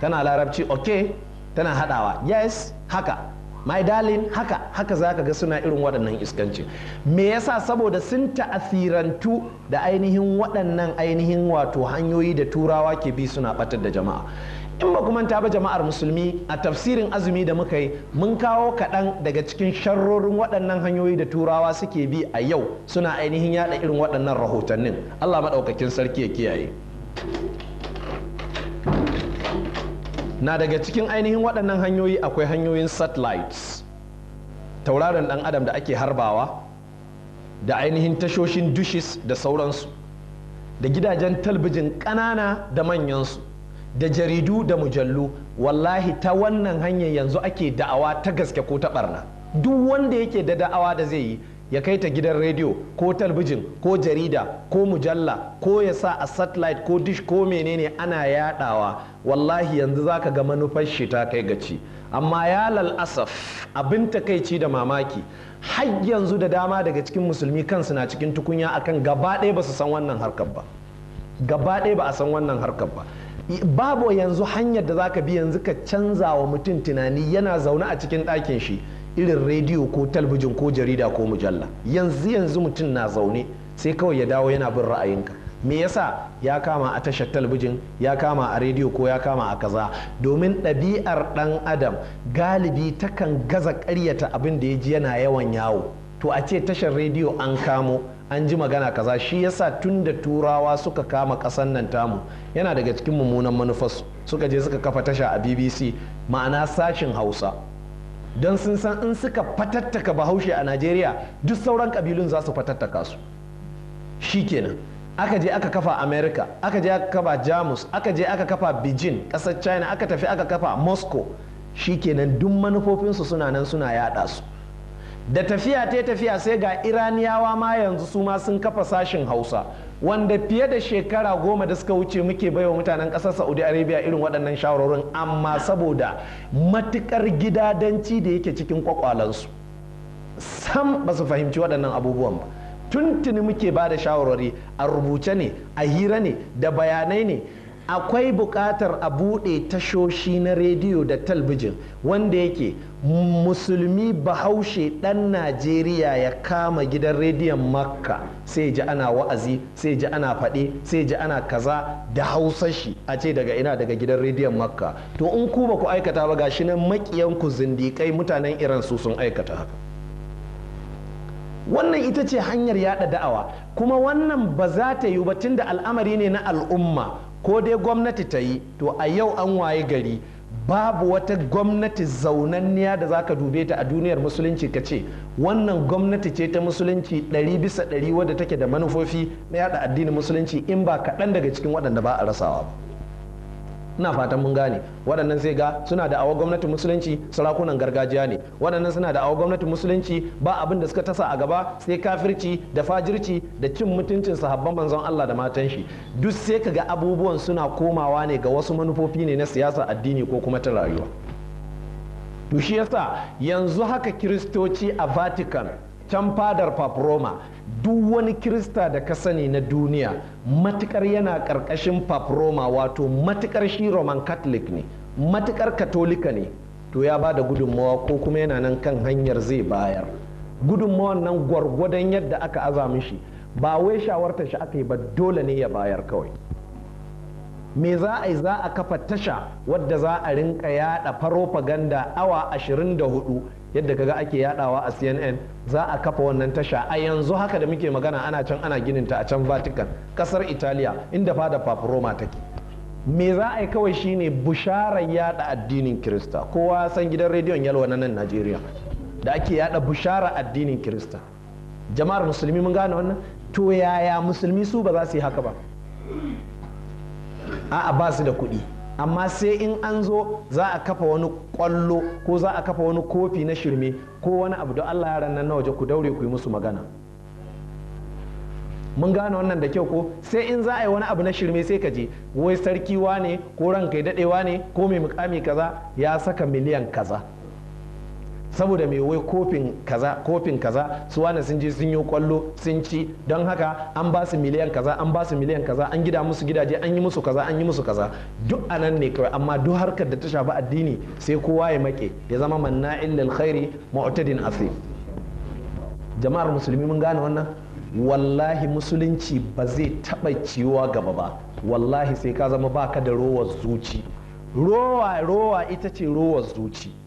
tana larabci okay tana hadawa yes haka my darling haka haka za ka ga suna irin waɗannan iskancin me yasa saboda sun ta'asirantu da ainihin waɗannan ainihin wato hanyoyi da turawa ke bi suna ɓatar da jama'a in ba kuma ta ba jama'ar musulmi a tafsirin azumi da muka yi mun kawo kaɗan daga cikin sharrorin waɗannan hanyoyi da turawa suke bi a yau suna ainihin yaɗa irin waɗannan rahotannin allah maɗaukakin sarki ya kiyaye na daga cikin ainihin waɗannan hanyoyi akwai hanyoyin satellites tauraron ɗan adam da ake harbawa da ainihin tashoshin dushis da sauransu da gidajen talbijin ƙanana da manyansu da jaridu da mujallu wallahi ta wannan hanyar yanzu ake da'awa ta gaske ko ta barna duk wanda yake da da'awa da zai yi ya kai ta gidan rediyo ko talbijin ko jarida ko mujalla ko ya sa a satellite ko dish ko menene ana yadawa wallahi yanzu zaka ga manufar shi ta kai gaci amma ya lalasaf abin takaici da mamaki har yanzu da dama daga cikin musulmi kansu na cikin tukunya akan gaba ɗaya ba su san wannan harkar ba gaba ɗaya ba a san wannan harkar ba babu yanzu hanyar da zaka bi yanzu ka canza wa mutum tunani yana zaune a cikin ɗakin shi irin rediyo ko talbijin ko jarida ko mujalla yanzu yanzu mutum na zaune sai kawai ya dawo yana bin ra'ayinka me yasa ya kama a tashar talbijin ya kama a rediyo ko ya kama a kaza domin ɗabi'ar ɗan adam galibi takan gaza karyata abin da ya ji yana yawan yawo to a ce tashar rediyo an kamo an ji magana kaza shi yasa tun da turawa suka kama ƙasan nan tamu yana daga cikin mummunan manufas suka je suka kafa tasha a bbc ma'ana sashin hausa don sun san in suka fatattaka bahaushe a najeriya duk sauran kabilun za su fatattaka su shi kenan aka je aka kafa america aka je aka kafa jamus aka je aka kafa beijing ƙasar china aka tafi aka kafa moscow shi kenan duk manufofinsu suna nan suna yada su da tafiya ta tafiya sai ga iraniyawa ma yanzu su ma sun kafa sashin hausa wanda fiye da shekara goma da suka wuce muke baiwa mutanen ƙasar saudi arabia irin waɗannan shawarorin amma saboda matukar gidadanci da yake cikin kwakwalansu sam ba su fahimci waɗannan abubuwan ba tuntuni muke ba da shawarwari a rubuce ne a hira ne da bayanai ne akwai buƙatar a buɗe tashoshi na rediyo da talbijin wanda yake musulmi bahaushe ɗan najeriya ya kama gidan rediyon makka sai ji ana wa'azi sai ji ana faɗe sai ji ana kaza da hausashi a ce daga ina daga gidan rediyon makka to in ku ba ku aikata ba gashi nan ku zindikai mutanen iran su sun aikata haka wannan ita ce hanyar yada da'awa kuma wannan ba za ta yi ba tunda al'amari ne na al'umma ko dai gwamnati ta yi to a yau an waye gari babu wata gwamnati zaunanniya da za ka dube ta a duniyar musulunci ka ce wannan gwamnati ce ta musulunci ɗari bisa ɗari wadda take da manufofi na yada addinin musulunci in ba kaɗan daga cikin waɗanda ba a rasawa ba ina fatan mun gane waɗannan sai ga suna da awa gwamnatin musulunci sarakunan gargajiya ne waɗannan suna da awa gwamnatin musulunci ba abin da suka tasa a gaba sai kafirci da fajirci da cin mutuncin sahabban manzon Allah da matan shi duk sai ka ga abubuwan suna komawa ne ga wasu manufofi ne na siyasa addini ko kuma ta rayuwa to shi yasa yanzu haka kiristoci a Vatican can fadar Papa Roma duk wani kirista da ka sani na duniya matukar yana karkashin paproma wato matukar shi roman catholic ne matukar katolika ne to ya ba da gudunmawa ko kuma yana nan kan hanyar zai bayar gudunmawan nan gwargwadon yadda aka aza mishi ba wai shawartar shi aka yi ba dole ne ya bayar kawai me za a yi za a kafa tasha wadda za a rinka yada faro awa 24 yadda kaga ake yadawa a CNN za a kafa wannan tasha a yanzu haka da muke magana ana can ana gininta a can Vatican kasar Italiya inda fada Papa Roma take me za a yi kawai shine busharar yada addinin Kirista kowa san gidan rediyon yalwa na nan Najeriya da ake yada bushara addinin Kirista jama'ar musulmi mun gane wannan to yaya musulmi su ba za su yi haka ba a'a ba su da kuɗi amma sai in an zo za a kafa wani kwallo ko za a kafa wani kofi na shirme ko wani abu da Allah ya nan na waje ku daure ku yi musu magana mun gane wannan da kyau ko sai in za a yi wani abu na shirme sai ka je wai sarki wane ko ranka daɗewa ne ko mai mukami kaza ya saka miliyan kaza saboda mai wai kofin kaza kofin kaza su wane sun je sun yi kwallo sun ci don haka an ba su miliyan kaza an ba su miliyan kaza an gida musu gidaje an yi musu kaza an yi musu kaza duk anan ne kawai amma duk harkar da ta shafi addini sai kowa ya make ya zama manna illal khairi mu'tadin asif jama'ar musulmi mun gane wannan wallahi musulunci ba zai taɓa ciwa gaba ba wallahi sai ka zama baka da rowar zuci rowa rowa ita ce rowar zuci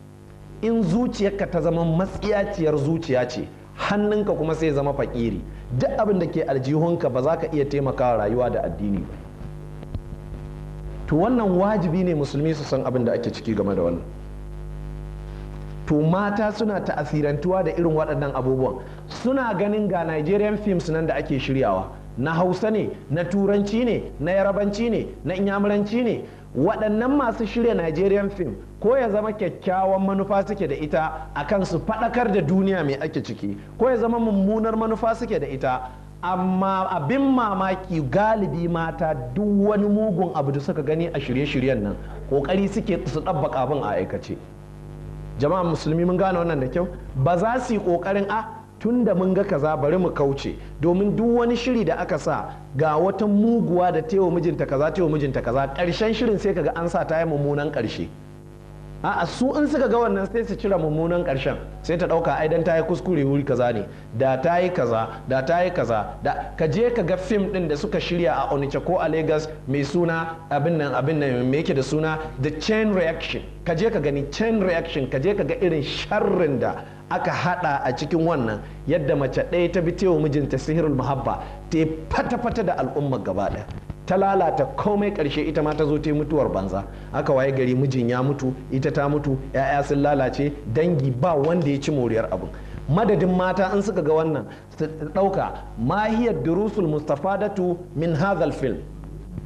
in zuciyarka ta zama matsiyaciyar zuciya ce hannunka kuma sai zama fakiri duk abin da ke aljihunka ba za ka iya taimakawa rayuwa da addini ba to wannan wajibi ne musulmi su san abin da ake ciki game da wannan to mata suna ta'asirantuwa da irin waɗannan abubuwan suna ganin ga nigerian films nan da ake shiryawa na hausa ne na turanci ne na yarabanci ne na inyamuranci ne waɗannan masu shirya nigerian film ko ya zama kyakkyawan manufa suke da ita akan su faɗakar da duniya mai ake ciki ko ya zama mummunar manufa suke da ita amma abin mamaki galibi mata duk wani mugun abu da suka gani a shirye-shiryen nan kokari suke su ɗabbaka abin a aikace jama'a musulmi mun gane wannan da kyau ba za su yi kokarin a ah, tun da mun ga kaza bari mu kauce domin duk wani shiri da aka sa ga wata muguwa da tewa mijinta kaza tewa mijinta kaza ƙarshen shirin sai kaga an sa ta yi mummunan ƙarshe a su in suka ga wannan sai su cire mummunan karshen sai ta ɗauka aidan ta yi kuskure wuri kaza ne da ta yi kaza da ta yi kaza da ka je ka ga fim ɗin da suka shirya a Onitsha ko a Lagos mai suna abin nan abin nan me yake da suna the chain reaction ka je ka gani chain reaction ka je ka ga irin sharrin da aka hada a cikin wannan yadda mace ɗaya ta bi wa mijinta sihirul muhabba ta yi fata-fata da al'umma gaba ta lalata komai karshe ita ma ta zo ta yi mutuwar banza aka waye gari mijin ya mutu ita ta mutu 'ya'ya sun lalace dangi ba wanda ya ci moriyar abin madadin mata in suka ga wannan su ɗauka mahiyar durusul mustafadatu min hadhal film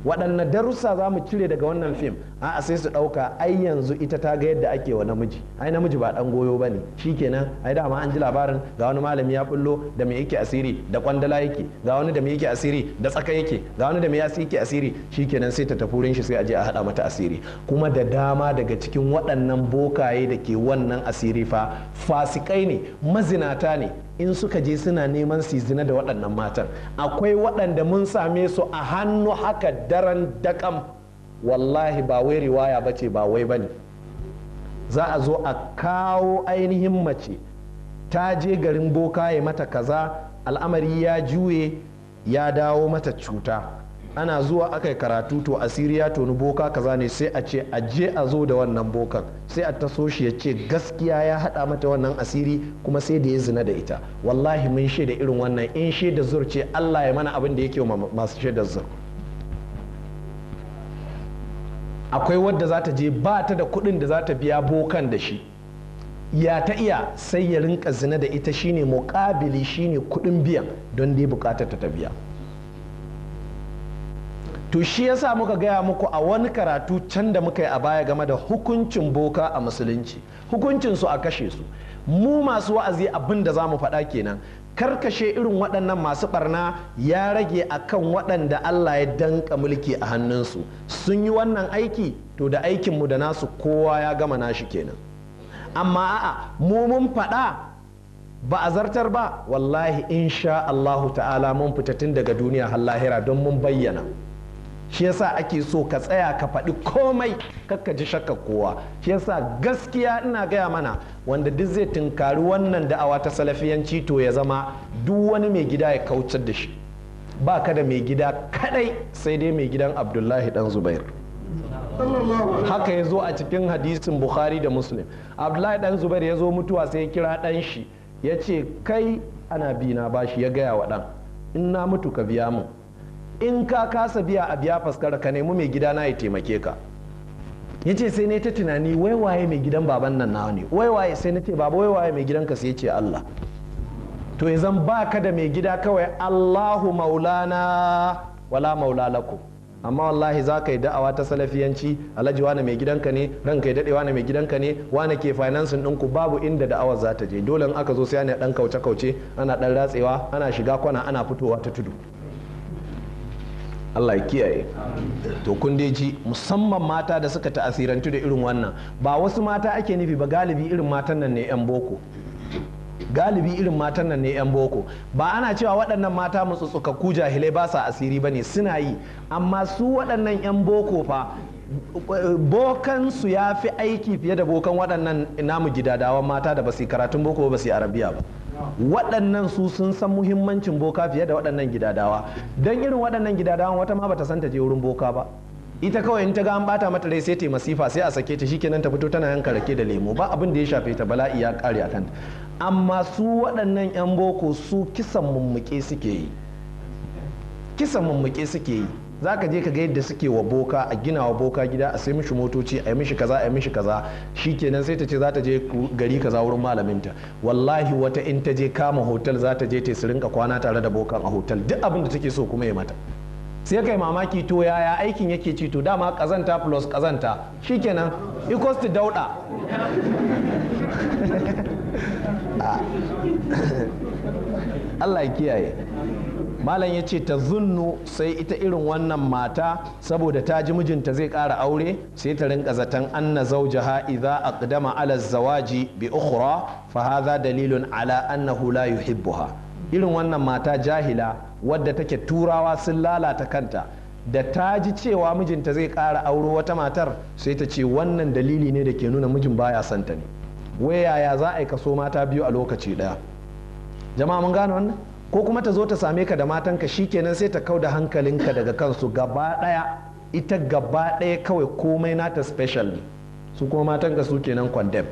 waɗanne darussa za mu cire daga wannan fim a'a sai su ɗauka ai yanzu ita ta ga yadda ake wa namiji ai namiji ba ɗan goyo ba ne shi kenan ai dama an ji labarin ga wani malami ya bullo da me yake asiri da kwandala yake ga wani da me yake asiri da tsaka yake ga wani da me yasi yake asiri kenan sai ta tafi wurin shi sai a je a haɗa mata asiri kuma da dama daga cikin waɗannan bokaye da ke wannan asiri fa fasikai ne mazinata ne in suka je suna neman su zina da waɗannan matan akwai waɗanda mun same su a hannu haka daren dakam wallahi ba wai riwaya ba ce ba wai ba ne za a zo a kawo ainihin mace ta je garin boka ya mata kaza al'amari ya juye ya dawo mata cuta ana zuwa aka karatu to asiriya to boka kaza ne sai a ce a je a zo da wannan bokan sai a taso shi ya ce gaskiya ya hada mata wannan asiri kuma sai da ya zina da ita wallahi mun shaida irin wannan in shaida zur ce allah ya mana abin da yake masu shaida zur akwai wadda za ta je ba ta da kuɗin da za ta biya bokan da shi ya ta iya sai ya rinka zina da ita shine muƙabili shine kuɗin biyan don dai bukatar ta ta biya to shi yasa muka gaya muku a wani karatu can da muka yi a baya game da hukuncin boka a musulunci hukuncin su a kashe su mu masu wa'azi abin da za mu faɗa kenan karkashe irin waɗannan masu ɓarna ya rage a kan waɗanda Allah ya danka mulki a hannunsu sun yi wannan aiki to da aikinmu da nasu kowa ya gama nashi kenan amma a'a mu mun faɗa ba a zartar ba wallahi insha Allahu ta'ala mun fitattun daga duniya har lahira don mun bayyana shi yasa ake so ka tsaya ka faɗi komai kakka ji shakka kowa shi yasa gaskiya ina gaya mana wanda duk zai tunkari wannan da'awa ta salafiyanci to ya zama duk wani mai gida ya kaucar da shi ba ka da mai gida kadai sai dai mai gidan abdullahi dan zubair haka ya zo a cikin hadisin bukhari da muslim abdullahi dan zubair ya zo mutuwa sai ya kira dan shi ya ce kai ana bina bashi ya gaya wa dan in na mutu ka biya min in ka kasa biya a biya faskara ka nemi mai gida na ya taimake ka ya ce sai ne ta tunani wai mai gidan baban nan na ne wai sai na ce baba wai mai gidan ka sai ce Allah to ya zan ba ka da mai gida kawai Allahu maulana wala maula amma wallahi za ka yi da'awa ta salafiyanci alhaji wane mai gidanka ne ranka yi daɗe wane mai gidanka ne wane ke finansin ɗinku babu inda da'awar za ta je dole in aka zo sai ana ɗan kauce-kauce ana ɗan ratsewa ana shiga kwana ana fitowa ta tudu Allah ya kiyaye to kun dai ji musamman mata da suka ta'asirantu da irin wannan ba wasu mata ake nufi ba galibi irin matan nan ne yan boko galibi irin matan nan ne 'yan boko ba ana cewa waɗannan mata ku jahilai ba sa asiri ba ne suna yi amma su waɗannan 'yan boko fa bokan su ya fi aiki fiye da bokan waɗannan namu gidadawan mata da ba su karatun boko ba su arabiya ba waɗannan su sun san muhimmancin boka fiye da waɗannan gidadawa don irin waɗannan gidadawan wata ma bata san ta je wurin boka ba ita kawai in ta ga an bata mata rai sai ta masifa sai a sake ta shikenan ta fito tana yanka rake da lemo ba abin da ya shafe ta bala'i ya kare akan amma su waɗannan yan boko su kisan mummuke suke yi kisan mummuke suke yi za ka je ka ga yadda suke wa boka a gina wa boka gida a sai mishi motoci a yi mishi kaza a yi mishi kaza shikenan sai ta ce za ta je gari kaza wurin malaminta wallahi wata in ta je kama hotel za ta je ta su rinka kwana tare da bokan a hotel duk abin da take so kuma ya mata sai kai mamaki to yaya aikin yake ci to dama kazanta plus kazanta shikenan equals to dauda ah. Allah ya kiyaye malam ya ce ta zunnu sai ita irin wannan mata saboda ta ji mijinta zai ƙara aure sai ta rinka zaton anna zawjaha idza aqdama ala zawaji bi ukhra fa hadha dalilun ala annahu la yuhibbuha irin wannan mata jahila wadda take turawa sun lalata kanta da ta ji cewa mijinta zai ƙara auro wata matar sai ta ce wannan dalili ne da ke nuna mijin baya santa ne wai yaya za a yi kaso mata biyu a lokaci ɗaya jama'a mun gane wannan ko kuma ta zo ta same ka da matanka kenan sai ta kauda hankalinka daga kansu gaba ɗaya ita gaba ɗaya kawai komai nata special ne su kuma matanka su kenan kwandem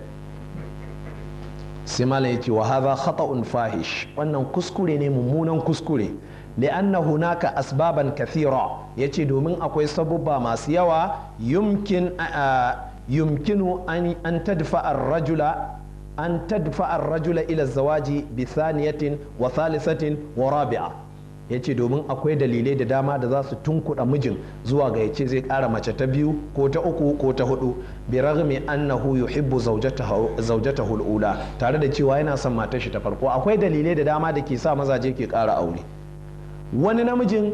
sai malam wa hadha khata'un fahish wannan kuskure ne mummunan kuskure li'anna hunaka asbaban kathira yace domin akwai sabubba masu yawa yumkin yumkinu an tadfa ar-rajula an tadfa ar-rajula ila zawaji bi thaniyatin wa salisatin wa rabi'a yace domin akwai dalilai da dama da za su tunkuɗa mijin zuwa ga yace zai kara mace ta biyu ko ta uku ko ta hudu bi raghmi annahu yuhibbu zawjatahu al-ula tare da cewa yana son matar shi ta farko akwai dalilai da dama da ke sa mazaje ke kara aure wani namijin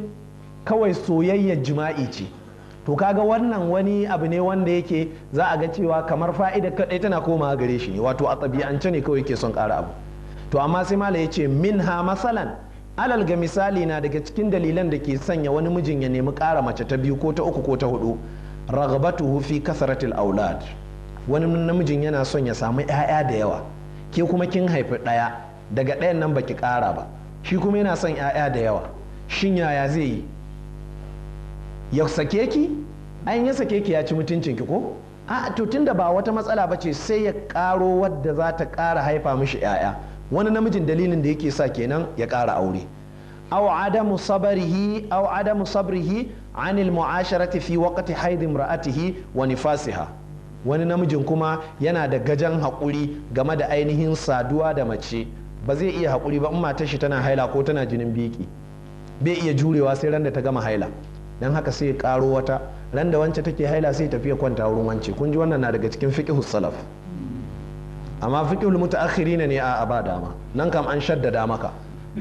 kawai soyayyar jima'i ce to kaga wannan wani abu ne wanda yake za a ga cewa kamar fa'ida kadai tana komawa gare shi ne wato a tabi'ance ne kawai ke son kara abu to amma sai mala ya ce minha masalan alal ga misali na daga cikin dalilan da ke sanya wani mijin ya nemi kara mace ta biyu ko ta uku ko ta hudu ragabatuhu fi kasaratil aulad wani namijin yana son ya samu 'ya'ya da yawa ke kuma kin haifi ɗaya daga ɗayan nan baki ƙara ba shi kuma yana son 'ya'ya da yawa shin yaya zai yi ya sake ki ayin ya sake ki ya ci mutuncin ki ko a to tunda ba wata matsala ba ce sai ya karo wadda za ta kara haifa mishi 'ya'ya wani namijin dalilin da yake sa kenan ya kara aure aw adamu sabrihi aw adamu sabrihi anil mu'asharati fi waqti haid imra'atihi wa nifasiha wani namijin kuma yana da gajan haƙuri game da ainihin saduwa da mace ba zai iya haƙuri ba in matar shi tana haila ko tana jinin biki bai iya jurewa sai ran da ta gama haila don haka sai ya karo wata ran da wance take haila sai tafi ya kwanta wurin wance kun ji wannan na daga cikin fiqh salaf amma fiqh mutaakhirin ne a aba dama nan kam an shaddada maka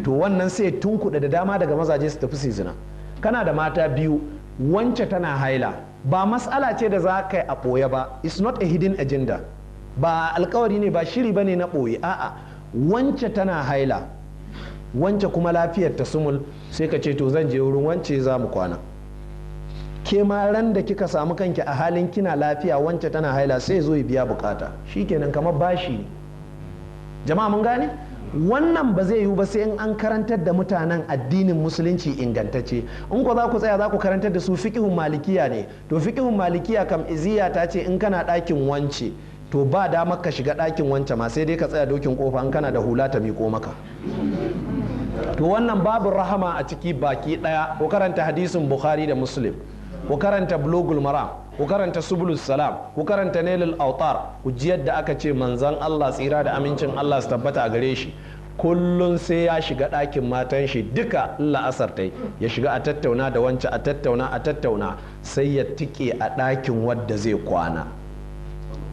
to wannan sai tunkuɗa da dama daga mazaje su tafi zina kana da mata biyu wance tana haila ba masala ce da za ka yi a ɓoye ba it's not a hidden agenda ba alkawari ne ba shiri ba ne na ɓoye a'a wance tana haila wance kuma lafiyar ta sumul sai ka ce to zan je wurin wance za mu kwana ke ma ran da kika samu kanki a halin kina lafiya wance tana haila sai zo ya biya bukata shikenan kamar bashi ne jama'a mun gane wannan ba zai yiwu ba sai in an karantar da mutanen addinin musulunci ingantacce in ko za ku tsaya za ku karantar da su fiqhun malikiya ne to fiqhun malikiya kam iziya ta ce in kana dakin wance to ba damar ka shiga ɗakin wance ma sai dai ka tsaya dokin kofa in kana da hula ta miƙo maka to wannan babu rahama a ciki baki ɗaya ko karanta hadisin bukhari da muslim ku karanta blogul mara ku karanta subulus salam ku karanta nailul autar ku ji yadda aka ce manzan Allah tsira da amincin Allah su tabbata a gare shi kullun sai ya shiga ɗakin matan shi duka la'asar ta ya shiga a tattauna da wancan a tattauna a tattauna sai ya tike a ɗakin wadda zai kwana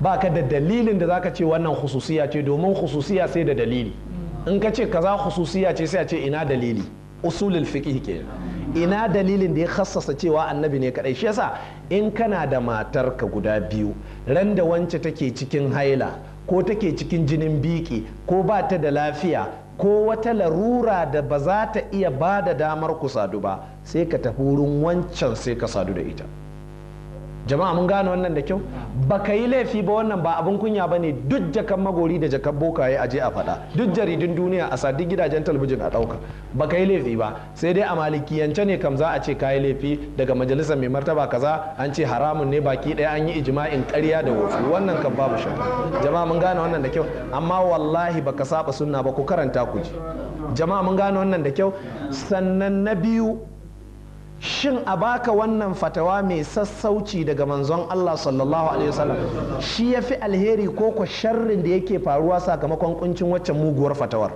ba ka da dalilin da zaka ce wannan hususiya ce domin hususiya sai da dalili in ka ce kaza hususiya ce sai a ce ina dalili usulul fiqh kenan ina dalilin da ya khassasa cewa annabi ne kadai shi yasa in kana da matarka guda biyu ran da wance take cikin haila ko take cikin jinin biki ko ba ta da lafiya ko wata larura da ba za ta iya ba da damar ku sadu ba sai ka tafi wurin wancan sai ka sadu da ita jama'a mun gane wannan da kyau ba ka yi laifi ba wannan ba abin kunya ba ne duk jakan magori da jakan bokaye a je a faɗa duk jaridun duniya a sadi gidajen talabijin a ɗauka ba ka yi laifi ba sai dai a malikiyance ne kam za a ce ka yi laifi daga majalisar mai martaba kaza an ce haramun ne baki ɗaya an yi ijma'in ƙarya da wofi wannan kan babu shakka jama'a mun gane wannan da kyau amma wallahi baka saba sunna ba ku karanta ku ji jama'a mun gane wannan da kyau sannan na biyu shin a baka wannan fatawa mai sassauci daga manzon Allah sallallahu alaihi wasallam shi ya fi alheri ko ko sharrin da yake faruwa sakamakon kuncin waccan muguwar fatawar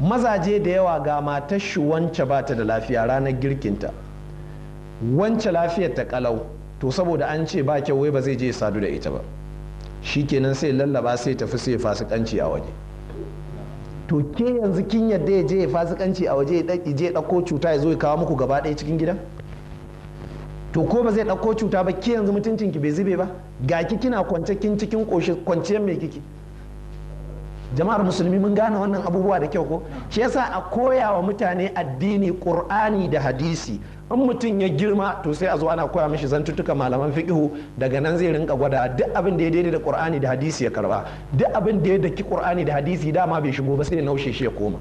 mazaje da yawa ga matar shi wance ba ta da lafiya ranar girkinta wance lafiyar ta kalau to saboda an ce ba kyau wai ba zai je sadu da ita ba shi kenan sai lallaba sai tafi sai fasikanci a waje to ke yanzu kin yadda ya je ya fasikanci a waje ya je ɗauko cuta ya zo ya kawo muku gaba ɗaya cikin gidan to ko ba zai ɗauko cuta ba ke yanzu mutuncin ki bai zube ba ga ki kina kwance kin cikin kwanciyar mai kiki jama'ar musulmi mun gane wannan abubuwa da kyau ko shi yasa a koya wa mutane addini qur'ani da hadisi in mutum ya girma to sai a zo ana koya mishi zantuttuka malaman fiqihu daga nan zai rinka gwada duk abin da ya daidai da qur'ani da hadisi ya karba duk abin da ya daki qur'ani da hadisi dama bai shigo ba sai naushe shi ya koma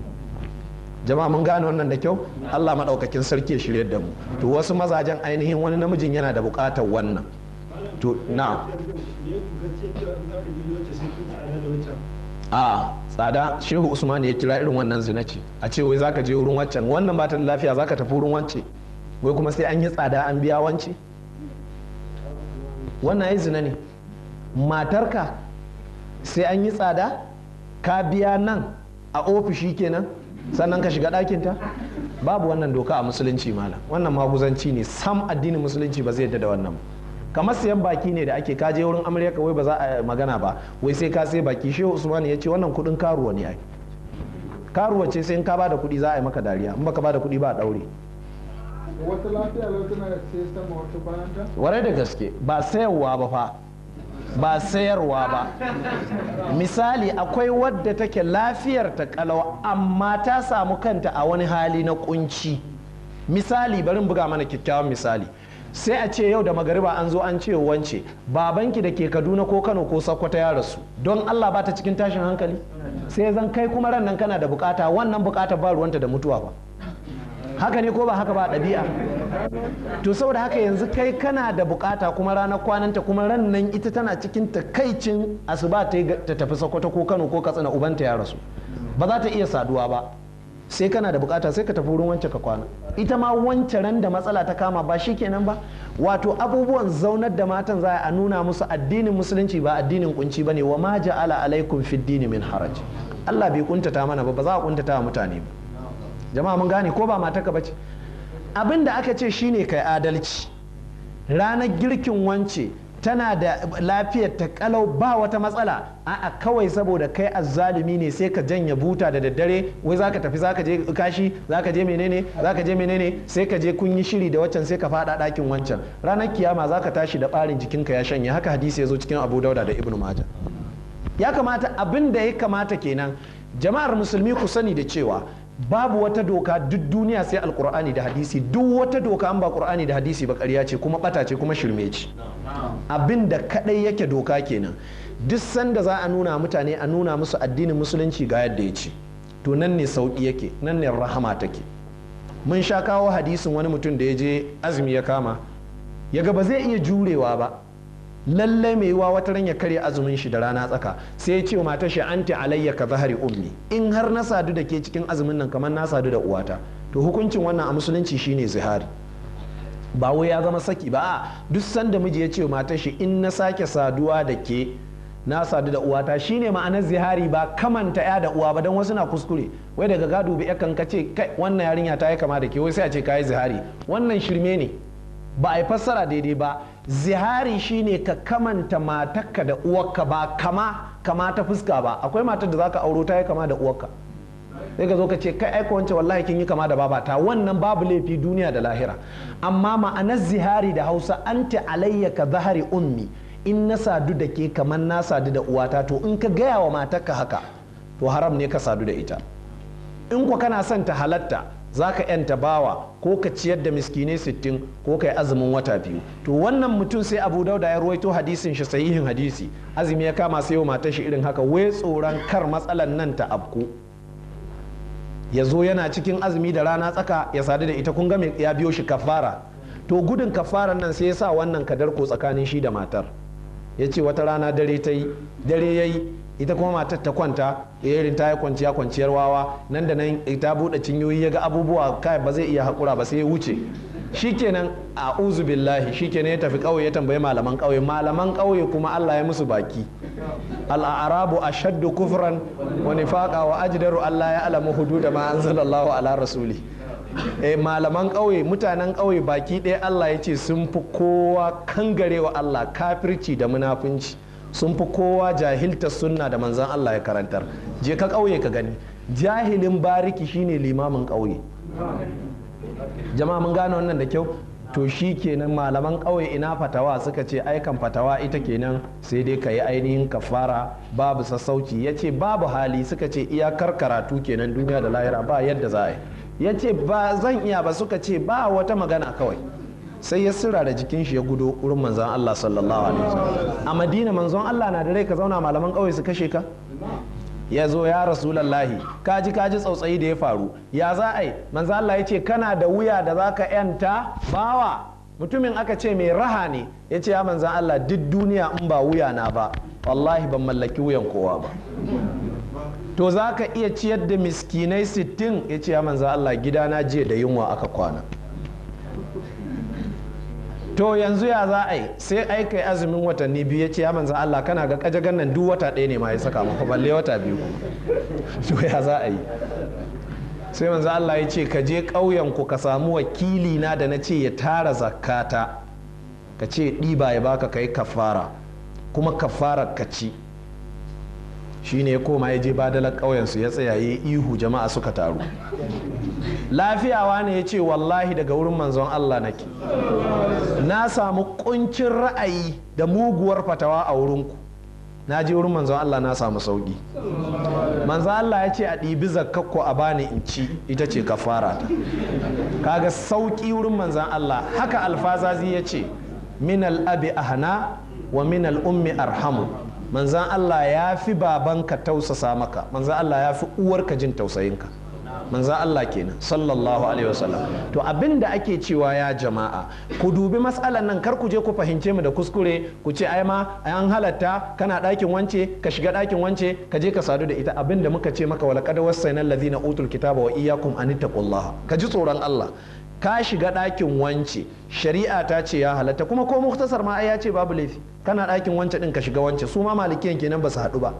jama'a mun gane wannan da kyau Allah madaukakin sarki ya shirye da mu to wasu mazajen ainihin wani namijin yana da bukatar wannan to na'am a tsada shehu usman ya kira irin wannan zina ce a ce wai zaka je wurin waccan wannan ba ta da lafiya zaka tafi wurin wance wai kuma sai an yi tsada an biya wance wannan ya zina ne matarka sai an yi tsada ka biya nan a ofishi kenan sannan ka shiga ɗakinta babu wannan doka a musulunci malam wannan maguzanci ne sam addinin musulunci ba zai yadda da wannan ba kamar siyan baki ne da ake kaje wurin amarya kawai ba za a magana ba wai sai ka sai baki shehu usman ya ce wannan kudin karuwa ne ai karuwa ce sai in ka bada kudi za a yi maka dariya in baka bada kudi ba a daure wata lafiya lau tana ce sama wata bayanta. ware da gaske ba sayarwa ba fa ba sayarwa ba misali akwai wadda take lafiyar ta kalau amma ta samu kanta a wani hali na kunci misali barin buga mana kyakkyawan misali sai a ce yau da magariba an zo an ce wance babanki da ke kaduna ko kano ko sakkwata ya rasu don allah ba ta cikin tashin hankali sai zan kai kuma ran nan kana da bukata wannan bukata ba ruwanta da mutuwa ba haka ne ko ba haka ba ɗabi'a to saboda haka yanzu kai kana da bukata kuma ranar kwananta kuma ran nan ita tana cikin takaicin asuba ta tafi sakkwata ko kano ko katsina ubanta ya rasu ba za ta iya saduwa ba sai kana da bukata sai ka tafi wurin wance ka kwana ita ma wance ran da matsala ta kama ba shi kenan ba wato abubuwan zaunar da matan za a nuna musu addinin musulunci ba addinin kunci ne wa ma ja'ala alaikum fi dini min haraj Allah bai kuntata mana ba ba za a kuntata wa mutane ba jama'a mun gane ko ba mata ka bace abin da aka ce shine kai adalci ranar girkin wance tana da lafiyar ta kalau ba wata matsala a'a kawai saboda kai azzalumi ne sai ka janya buta da daddare wai za ka tafi za ka je kashi za ka je menene za ka je menene sai ka je kun yi shiri da waccan sai ka fada dakin wancan ranar kiyama za ka tashi da barin jikin ka ya shanye haka hadisi ya zo cikin Abu Dauda da Ibn Majah ya kamata abin da ya kamata kenan jama'ar musulmi ku sani da cewa babu wata doka duk duniya sai alkur'ani da hadisi duk wata doka an ba qur'ani da hadisi ba ƙarya ce kuma ɓata ce kuma shirme ce abin da kaɗai yake doka kenan duk sanda za a nuna mutane a nuna musu addinin musulunci ga yadda ya ce to nan ne sauƙi yake nan ne rahama take mun sha kawo hadisin wani mutum da ya je azumi ya kama yaga ba zai iya jurewa ba lallai mai yiwa wata ran ya karya azumin shi da rana tsaka sai ya ce wa matar shi anti alayya ka zahari ummi in har na sadu da ke cikin azumin nan kamar na sadu da uwata to hukuncin wannan a musulunci shine zihari ba wai ya zama saki ba a duk sanda miji ya ce wa matar shi in na sake saduwa da ke na sadu da uwata shine ma'anar zihari ba kamanta ya da uwa ba don wasu na kuskure wai daga gado bi yakan kace ce kai wannan yarinya ta yi kama da ke wai sai a ce kayi zihari wannan shirme ne ba a yi fassara daidai ba zihari shine ka kamanta matakka da uwakka ba kama kama ta fuska ba akwai matar da zaka auro ta yi kama da uwakka? sai ka zo ka ce kai aika wancan wallahi kin yi kama da babata wannan babu laifi duniya da lahira amma ma'anar zihari da hausa anti alayya ka zahari ummi in na sadu da ke kamar na sadu da uwata to in ka gaya wa matakka haka to haram ne ka sadu da ita in kana son ta halatta za ka yanta bawa ko ka ciyar da miskinai sittin ko ka yi azumin wata biyu to wannan mutum sai abu dauda ya ruwaito hadisin shi sahihin hadisi azumi ya kama sai yau shi irin haka wai tsoron kar matsalan nan ta afku ya zo yana cikin azumi da rana tsaka ya sadu da ita kun ga ya biyo shi kafara to gudun kafaran nan sai ya sa wannan kadar ko tsakanin shi da matar ya ce wata rana dare ta yi dare ya yi ita kuma matar ta kwanta eh, irin ta yi kwanciya kwanciyar wawa nan da nan ta buɗe cinyoyi ya ga abubuwa kai ba zai iya haƙura ba sai ya wuce shikenan a uzu billahi shikenan ya tafi ƙauye ya tambayi malaman ƙauye malaman ƙauye kuma Allah ya musu baki al'arabu shaddu kufran wa nifaqa wa ajdaru Allah ya alamu da ma anzalallahu ala rasuli eh malaman ƙauye mutanen ƙauye baki ɗaya Allah ya ce sun fi kowa kangarewa Allah kafirci da munafunci sun fi kowa jahiltar sunna da manzan Allah ya karantar je ka kauye ka gani jahilin bariki shine limamin kauye jama'a mun gane wannan da kyau to shi kenan malaman kauye ina fatawa suka ce aikan fatawa ita kenan sai dai ka yi ainihin ka fara babu sassauci ya ce babu hali suka ce iyakar karatu kenan duniya da lahira ba yadda za a yi ya ce ba zan iya ba suka ce ba wata magana kawai sai ya sura da jikin shi ya gudo wurin manzon Allah sallallahu alaihi wasallam a Madina manzon Allah na da rai ka zauna malaman kauye su kashe ka ya zo ya rasulallahi kaji kaji tsautsayi da ya faru ya za a yi manzon Allah ya ce kana da wuya da zaka yanta bawa mutumin aka ce mai raha ne ya ce ya manzan Allah duk duniya in ba wuya na ba wallahi ban mallaki wuyan kowa ba to za ka iya ciyar da miskinai sittin ya ce ya manzon Allah gidana jiya da yunwa aka kwana to yanzu ya za a yi sai aika azumin watanni biyu ya ce ya manzan Allah kana ga kajagan nan duk wata ɗaya ne ma ya saka maka balle wata biyu to ya za a yi sai manzan Allah ya ce ka je ƙauyen ku ka samu wakili na da na ce ya tara zakata ka ce ɗiba ya baka kai kafara kuma kafara ka ci shine ya koma ya je badalar ƙauyensu ya tsaya ya ihu jama'a suka taru lafiyawa ne ya ce wallahi daga wurin manzon Allah nake na samu kuncin ra'ayi da muguwar fatawa a wurinku na je wurin manzon Allah na samu sauki manzon Allah ya ce a ɗibi zakkakku a bani in ci ita ce kafara ta kaga sauƙi wurin manzon Allah haka alfazazi ya ce min al'abi ahana wa min al'ummi arhamu manzan Allah ya fi babanka tausasa maka manzan Allah ya fi uwarka jin tausayinka manzan Allah kenan sallallahu alaihi wasallam to abin da ake cewa ya jama'a ku dubi matsalar nan kar ku je ku fahimce mu da kuskure ku ce ai ma an halatta kana ɗakin wance ka shiga ɗakin wance ka je ka sadu da ita abin da muka ce maka walaqad wasainal ladina utul kitaba wa iyyakum anittaqullaha ka ji tsoron Allah ka shiga ɗakin wance shari'a ta ce ya halatta kuma ko muktasar ma ai ya ce babu laifi kana ɗakin wance ɗin ka shiga wance su ma malikiyan kenan ba su haɗu ba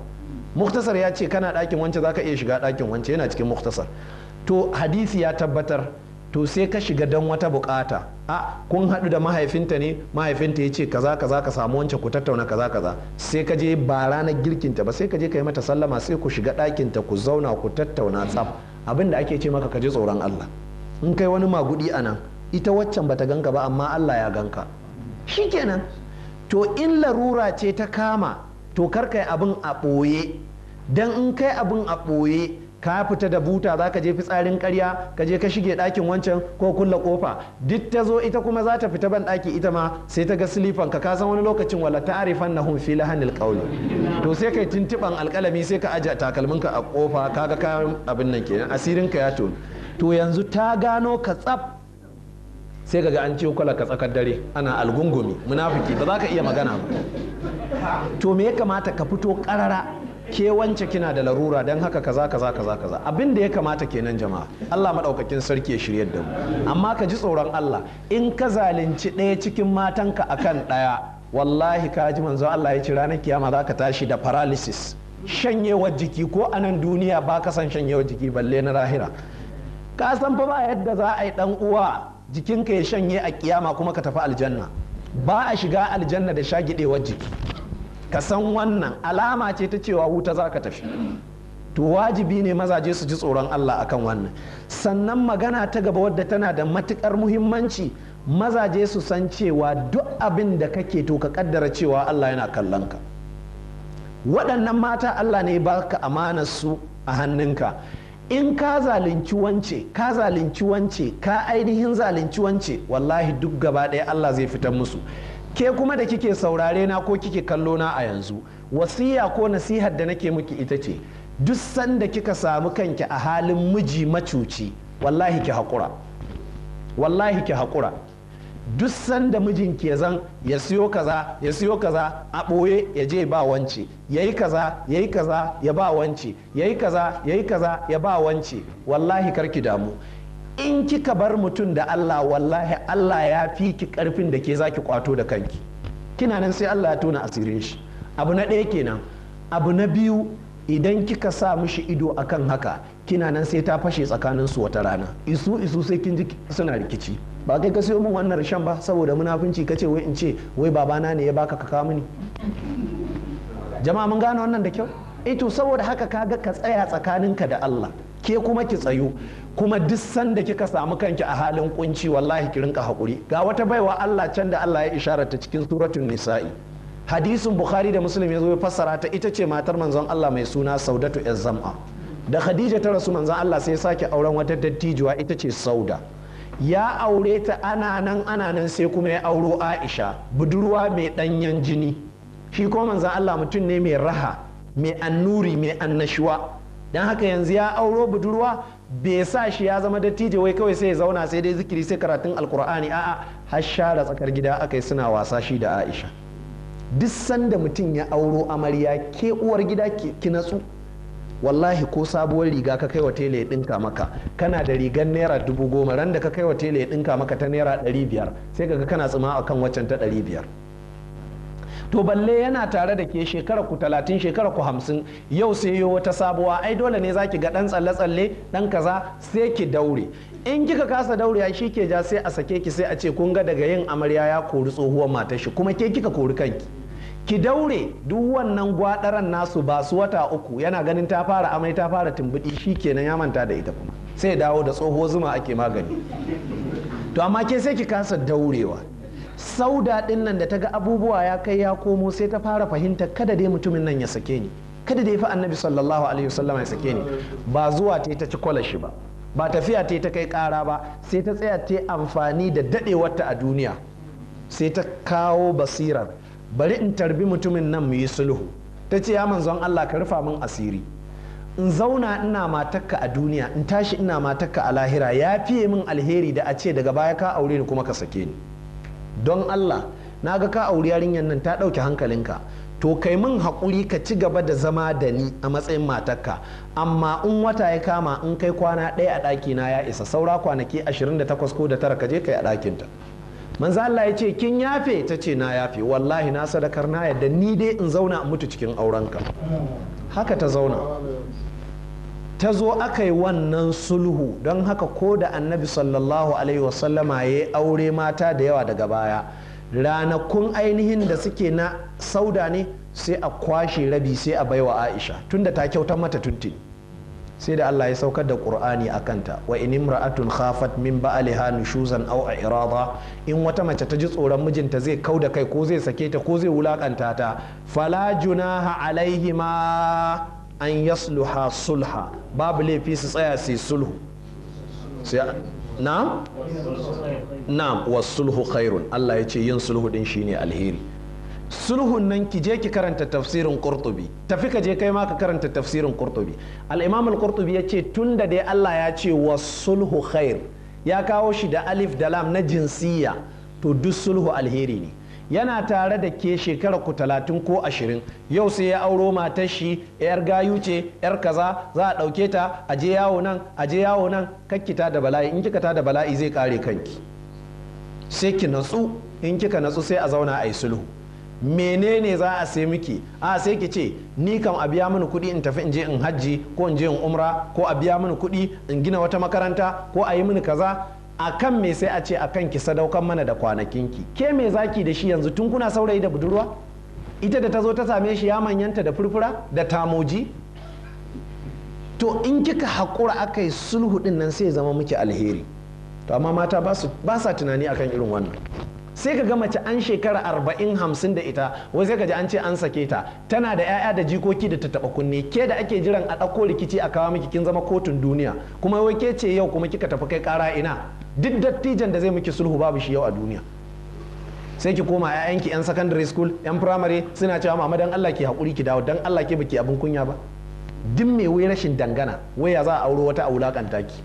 muktasar ya ce kana ɗakin wance ka iya shiga ɗakin wance yana cikin muktasar to hadisi ya tabbatar to sai ka shiga don wata bukata a kun haɗu da mahaifinta ne mahaifinta ya ce kaza kaza ka samu wance ku tattauna kaza kaza sai ka je ba ranar girkinta ba sai ka je ka yi mata sallama sai ku shiga ɗakinta ku zauna ku tattauna tsaf abin da ake ce maka ka je tsoron Allah in kai wani magudi a nan ita waccan bata ganka ba amma Allah ya ganka shikenan to in larura ce ta kama to kar yi abin a ɓoye dan in kai abin a ɓoye ka fita da buta za ka je fitsarin karya ka je ka shige ɗakin wancan ko kulla kofa duk ta zo ita kuma za ta fita ban ɗaki ita ma sai ta ga silifan ka kasan wani lokacin wala ta na nahum fi lahanil qawli to sai kai tintiban alƙalami sai ka aje ka a kofa ga kayan abin nan kenan asirin ka ya tonu to yanzu ta gano ka tsaf sai kaga an ciwo kwala ka tsakar dare ana algungumi munafiki ba za ka iya magana ba to me ya kamata ka fito ƙarara ke wance kina da larura don haka kaza kaza kaza kaza abin da ya kamata kenan jama'a Allah maɗaukakin sarki ya shirya da mu amma ka ji tsoron Allah in ka zalunci ɗaya cikin matan matanka akan ɗaya wallahi ka ji manzo Allah ya ci ranar kiyama za ka tashi da paralysis shanyewar jiki ko a nan duniya ba ka san shanyewar jiki balle na rahira ka san fa ba yadda za a yi dan uwa jikinka ya shanye a kiyama kuma ka tafi aljanna ba a shiga aljanna da shagidewar jiki ka san wannan alama ce ta cewa wuta za ka tafi to wajibi ne mazaje su ji tsoron Allah akan wannan sannan magana ta gaba wadda tana da matukar muhimmanci mazaje su san cewa duk abin da kake to ka kaddara cewa Allah yana kallon ka waɗannan mata Allah ne ba ka amanar su a hannunka in ka zalunci wance ka zalunci wance ka ainihin zalunci wance wallahi duk gaba ɗaya Allah zai fitar musu ke kuma da kike saurare na ko kike kallo na a yanzu wasiya ko nasihar da nake miki ita ce duk sanda kika samu kanki a halin miji macuci wallahi ki hakura wallahi ki haƙura duk sanda mijin ke zan ya siyo kaza ya siyo kaza a ɓoye ya je ba wance ya yi kaza yayi kaza ya ba wance ya kaza ya yi kaza ya ba wance wallahi karki damu in kika bar mutum da Allah wallahi Allah ya fi ki karfin da ke zaki kwato da kanki kina nan sai Allah ya tona asirin shi abu na ɗaya kenan abu na biyu idan kika sa mishi ido akan haka kina nan sai ta fashe tsakanin su wata rana isu isu sai kin ji suna rikici ba kai ka siyo min wannan rashan ba saboda munafunci kace wai in ce wai babana ne ya baka ka kawo mini jama'a mun gane wannan da kyau ito eh saboda haka kaga ka tsaya tsakaninka da Allah ke kuma ki tsayo kuma duk sanda kika samu kanki a halin kunci wallahi ki rinka hakuri. ga wata baiwa Allah can da Allah ya ta cikin suratul nisa'i hadisin bukhari da muslim ya zo ya fassara ta ita ce matar manzon Allah mai suna saudatu zam'a da khadija ta rasu manzon Allah sai ya sake auren wata dattijuwa ita ce sauda ya aure ta ana nan ana nan sai kuma ya auro aisha budurwa mai danyen jini shi kuma manzon Allah mutum ne mai raha mai annuri mai annashuwa dan haka yanzu ya auro budurwa bai sa shi ya zama dattijo wai kawai sai ya zauna sai dai zikiri sai karatun alkur'ani a'a har share tsakar gida aka yi suna wasa shi da aisha duk sanda mutum ya auro amarya ke uwar gida ki natsu wallahi ko sabuwar riga ka kai wa tele ya dinka maka kana da rigar naira dubu goma randa ka kai wa tele ya dinka maka ta naira ɗari biyar sai ka kana tsima akan waccan ta ɗari biyar to balle yana tare da ke shekara ku talatin shekara ku hamsin yau sai yi wata sabuwa ai dole ne zaki ga dan tsalle tsalle dan kaza sai ki daure in kika kasa daure shi ke ja sai a sake ki sai a ce kun ga daga yin amarya ya kori tsohuwar matar shi kuma ke kika kori kanki ki daure duk wannan gwadaran nasu ba su wata uku yana ganin ta fara amai ta fara shi kenan ya manta da ita kuma sai dawo da tsoho zuma ake magani to amma ke sai ki kasa daurewa sauda ɗin nan da ta ga abubuwa ya kai ya komo sai ta fara fahimta kada dai mutumin nan ya sake ni kada dai fa annabi sallallahu alaihi wasallam ya sake ni ba zuwa ta ta ci kwalashi ba ba tafiya ta ta kai kara ba sai ta tsaya ta amfani da ta a duniya sai ta kawo basirar bari in tarbi mutumin nan mu yi sulhu ta ce ya manzon Allah ka rufa min asiri in zauna ina matakka a duniya in tashi ina matakka a lahira ya fiye min alheri da a ce daga baya ka aure ni kuma ka sake ni don Allah na ga ka auri yarinyar nan ta ɗauki hankalinka to kai min haƙuri ka ci gaba da zama da ni a matsayin matarka amma in wata ya kama in kai kwana ɗaya a ɗaki na ya isa saura kwanaki 28 ko da tara ka je kai a ɗakinta manzo Allah ya ce kin yafe ta ce na yafe wallahi na sadakar na yadda ni dai in zauna in mutu cikin aurenka haka ta zauna ta zo aka yi wannan sulhu don haka ko da annabi sallallahu alaihi wasallama ya yi aure mata da yawa daga baya ranakun ainihin da suke na sauda ne sai a kwashe rabi sai a baiwa aisha tunda ta kyauta mata tuntun. sai da allah ya saukar da ƙur'ani a kanta wa in imra'atun khafat min ba'liha nushuzan aw irada in wata mace ta ji tsoron mijinta zai kau da kai ko zai sake ta ko zai wulakanta ta fala junaha alaihima an yasluha sulha babu laifi su tsaya sai sulhu na na wasulhu khairun Allah ya ce yin sulhu din shine alheri sulhun nan ki je ki karanta tafsirin qurtubi tafi ka je kai ma ka karanta tafsirin qurtubi al-imam al-qurtubi ya ce tunda dai Allah ya ce wasulhu khair ya kawo shi da alif da lam na jinsiya to duk sulhu alheri ne yana tare da ke shekara ku talatin ko ashirin yau sai ya auro matar shi yar gayu ce yar kaza za a ɗauke ta a je yawo nan a je yawo nan kakkita da bala'i in kika ta da bala'i zai kare kanki sai ki natsu in kika natsu sai a zauna a yi sulhu menene za a sai miki a sai ki ce ni kam a biya mini kuɗi in tafi in je in hajji ko in je in umra ko a biya mini kuɗi in gina wata makaranta ko a yi mini kaza a kan me sai a ce a kan ki sadaukan mana da kwanakin ki ke me zaki da shi yanzu tun kuna saurayi da budurwa ita da ta zo ta same shi ya manyanta da furfura da tamoji to in kika haƙura aka yi sulhu ɗin nan sai zama muke alheri to amma mata ba sa tunani akan irin wannan sai ka ga mace an shekara arba'in hamsin da ita wai sai ka ji an ce an sake ta tana da 'ya'ya da jikoki da ta taba kunne ke da ake jiran a ɗauko rikici a kawo miki kin zama kotun duniya kuma wai ke ce yau kuma kika tafi kai ƙara ina duk dattijan da zai miki sulhu babu shi yau a duniya sai ki koma ƴaƴanki yan secondary school yan primary suna cewa mama dan Allah ki hakuri ki dawo dan Allah ki baki abin kunya ba duk me wai rashin dangana wai ya za a auro wata a wulakanta ki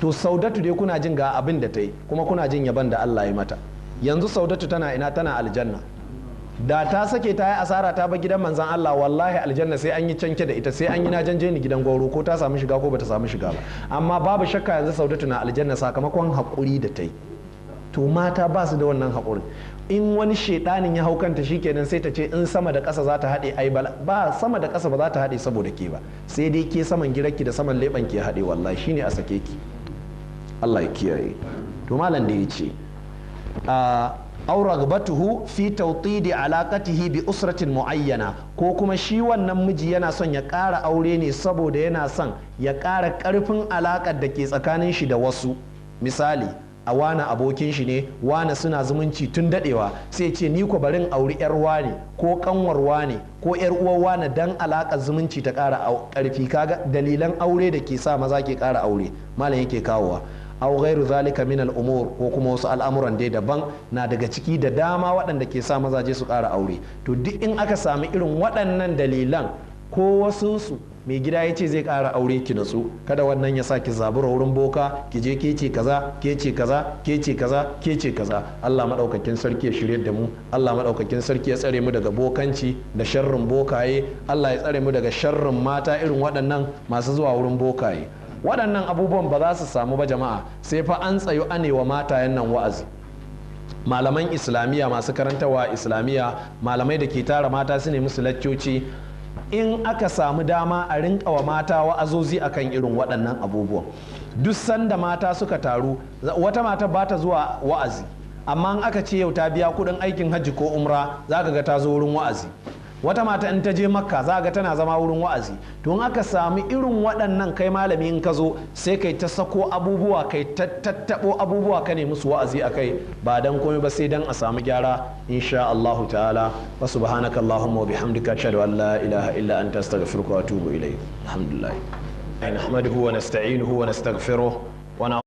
to saudatu dai kuna jin ga abin da ta yi kuma kuna jin yaban da Allah ya mata yanzu saudatu tana ina tana aljanna da ta sake ta yi asara ta ba gidan manzan Allah wallahi aljanna sai an yi canke da ita sai an yi na janje ni gidan gwauro ko ta samu shiga ko bata samu shiga ba amma babu shakka yanzu saudatu na aljanna sakamakon haƙuri da ta yi to mata ba su da wannan haƙuri in wani shaidanin ya hau kanta shi shikenan sai ta ce in sama da ƙasa za ta haɗe ai ba sama da ƙasa ba za ta haɗe saboda ke ba sai dai ke saman girarki da saman leɓen ke haɗe wallahi shine a sake ki Allah ya kiyaye to malam da ya ce ah, aw ragbatuhu fi tawtidi alaqatihi bi usratin muayyana ko kuma shi wannan miji yana son ya ƙara aure ne saboda yana son ya ƙara ƙarfin alaƙar da ke tsakanin shi da wasu misali a wani abokin shi ne wane suna zumunci tun dadewa sai ce ni ko barin auri yar wane ko kanwar wane ko yar uwar wane dan alaƙar zumunci ta ƙara ƙarfi kaga dalilan aure da ke sa maza ke ƙara aure malam yake kawowa aw ghairu zalika min al ko kuma wasu al'amuran dai daban na daga ciki da dama waɗanda ke sa mazaje su ƙara aure to duk in aka sami irin waɗannan dalilan ko wasu su mai gida ya ce zai ƙara aure ki natsu kada wannan ya sa ki zabura wurin boka ki je ke ce kaza ke ce kaza ke ce kaza ke ce kaza Allah maɗaukakin sarki ya shirye da mu Allah maɗaukakin sarki ya tsare mu daga bokanci da sharrin bokaye Allah ya tsare mu daga sharrin mata irin waɗannan masu zuwa wurin bokaye waɗannan abubuwan ba za su samu ba jama'a sai fa an tsayu anewa matayen nan wa'azi malaman islamiyya masu karantawa islamiyya malamai da ke tara mata su ne musu laccoci in aka samu dama a rinka wa mata wa'azozi akan irin waɗannan abubuwan duk sanda mata suka taru wata mata ba ta zuwa wa'azi amma in aka ce yau ta biya kuɗin aikin hajji ko umra za ka ga ta zo wurin wa'azi wata mata in ta je makka za ga tana zama wurin wa'azi to in aka sami irin waɗannan kai malami in ka zo sai kai ta sako abubuwa kai ta tattaɓo abubuwa ka ne musu wa'azi a kai ba dan komai ba sai dan a samu gyara insha Allahu ta'ala wa subhanaka Allahumma wa bihamdika ashhadu an la ilaha illa anta astaghfiruka wa atubu ilayk alhamdulillah نحمده ونستعينه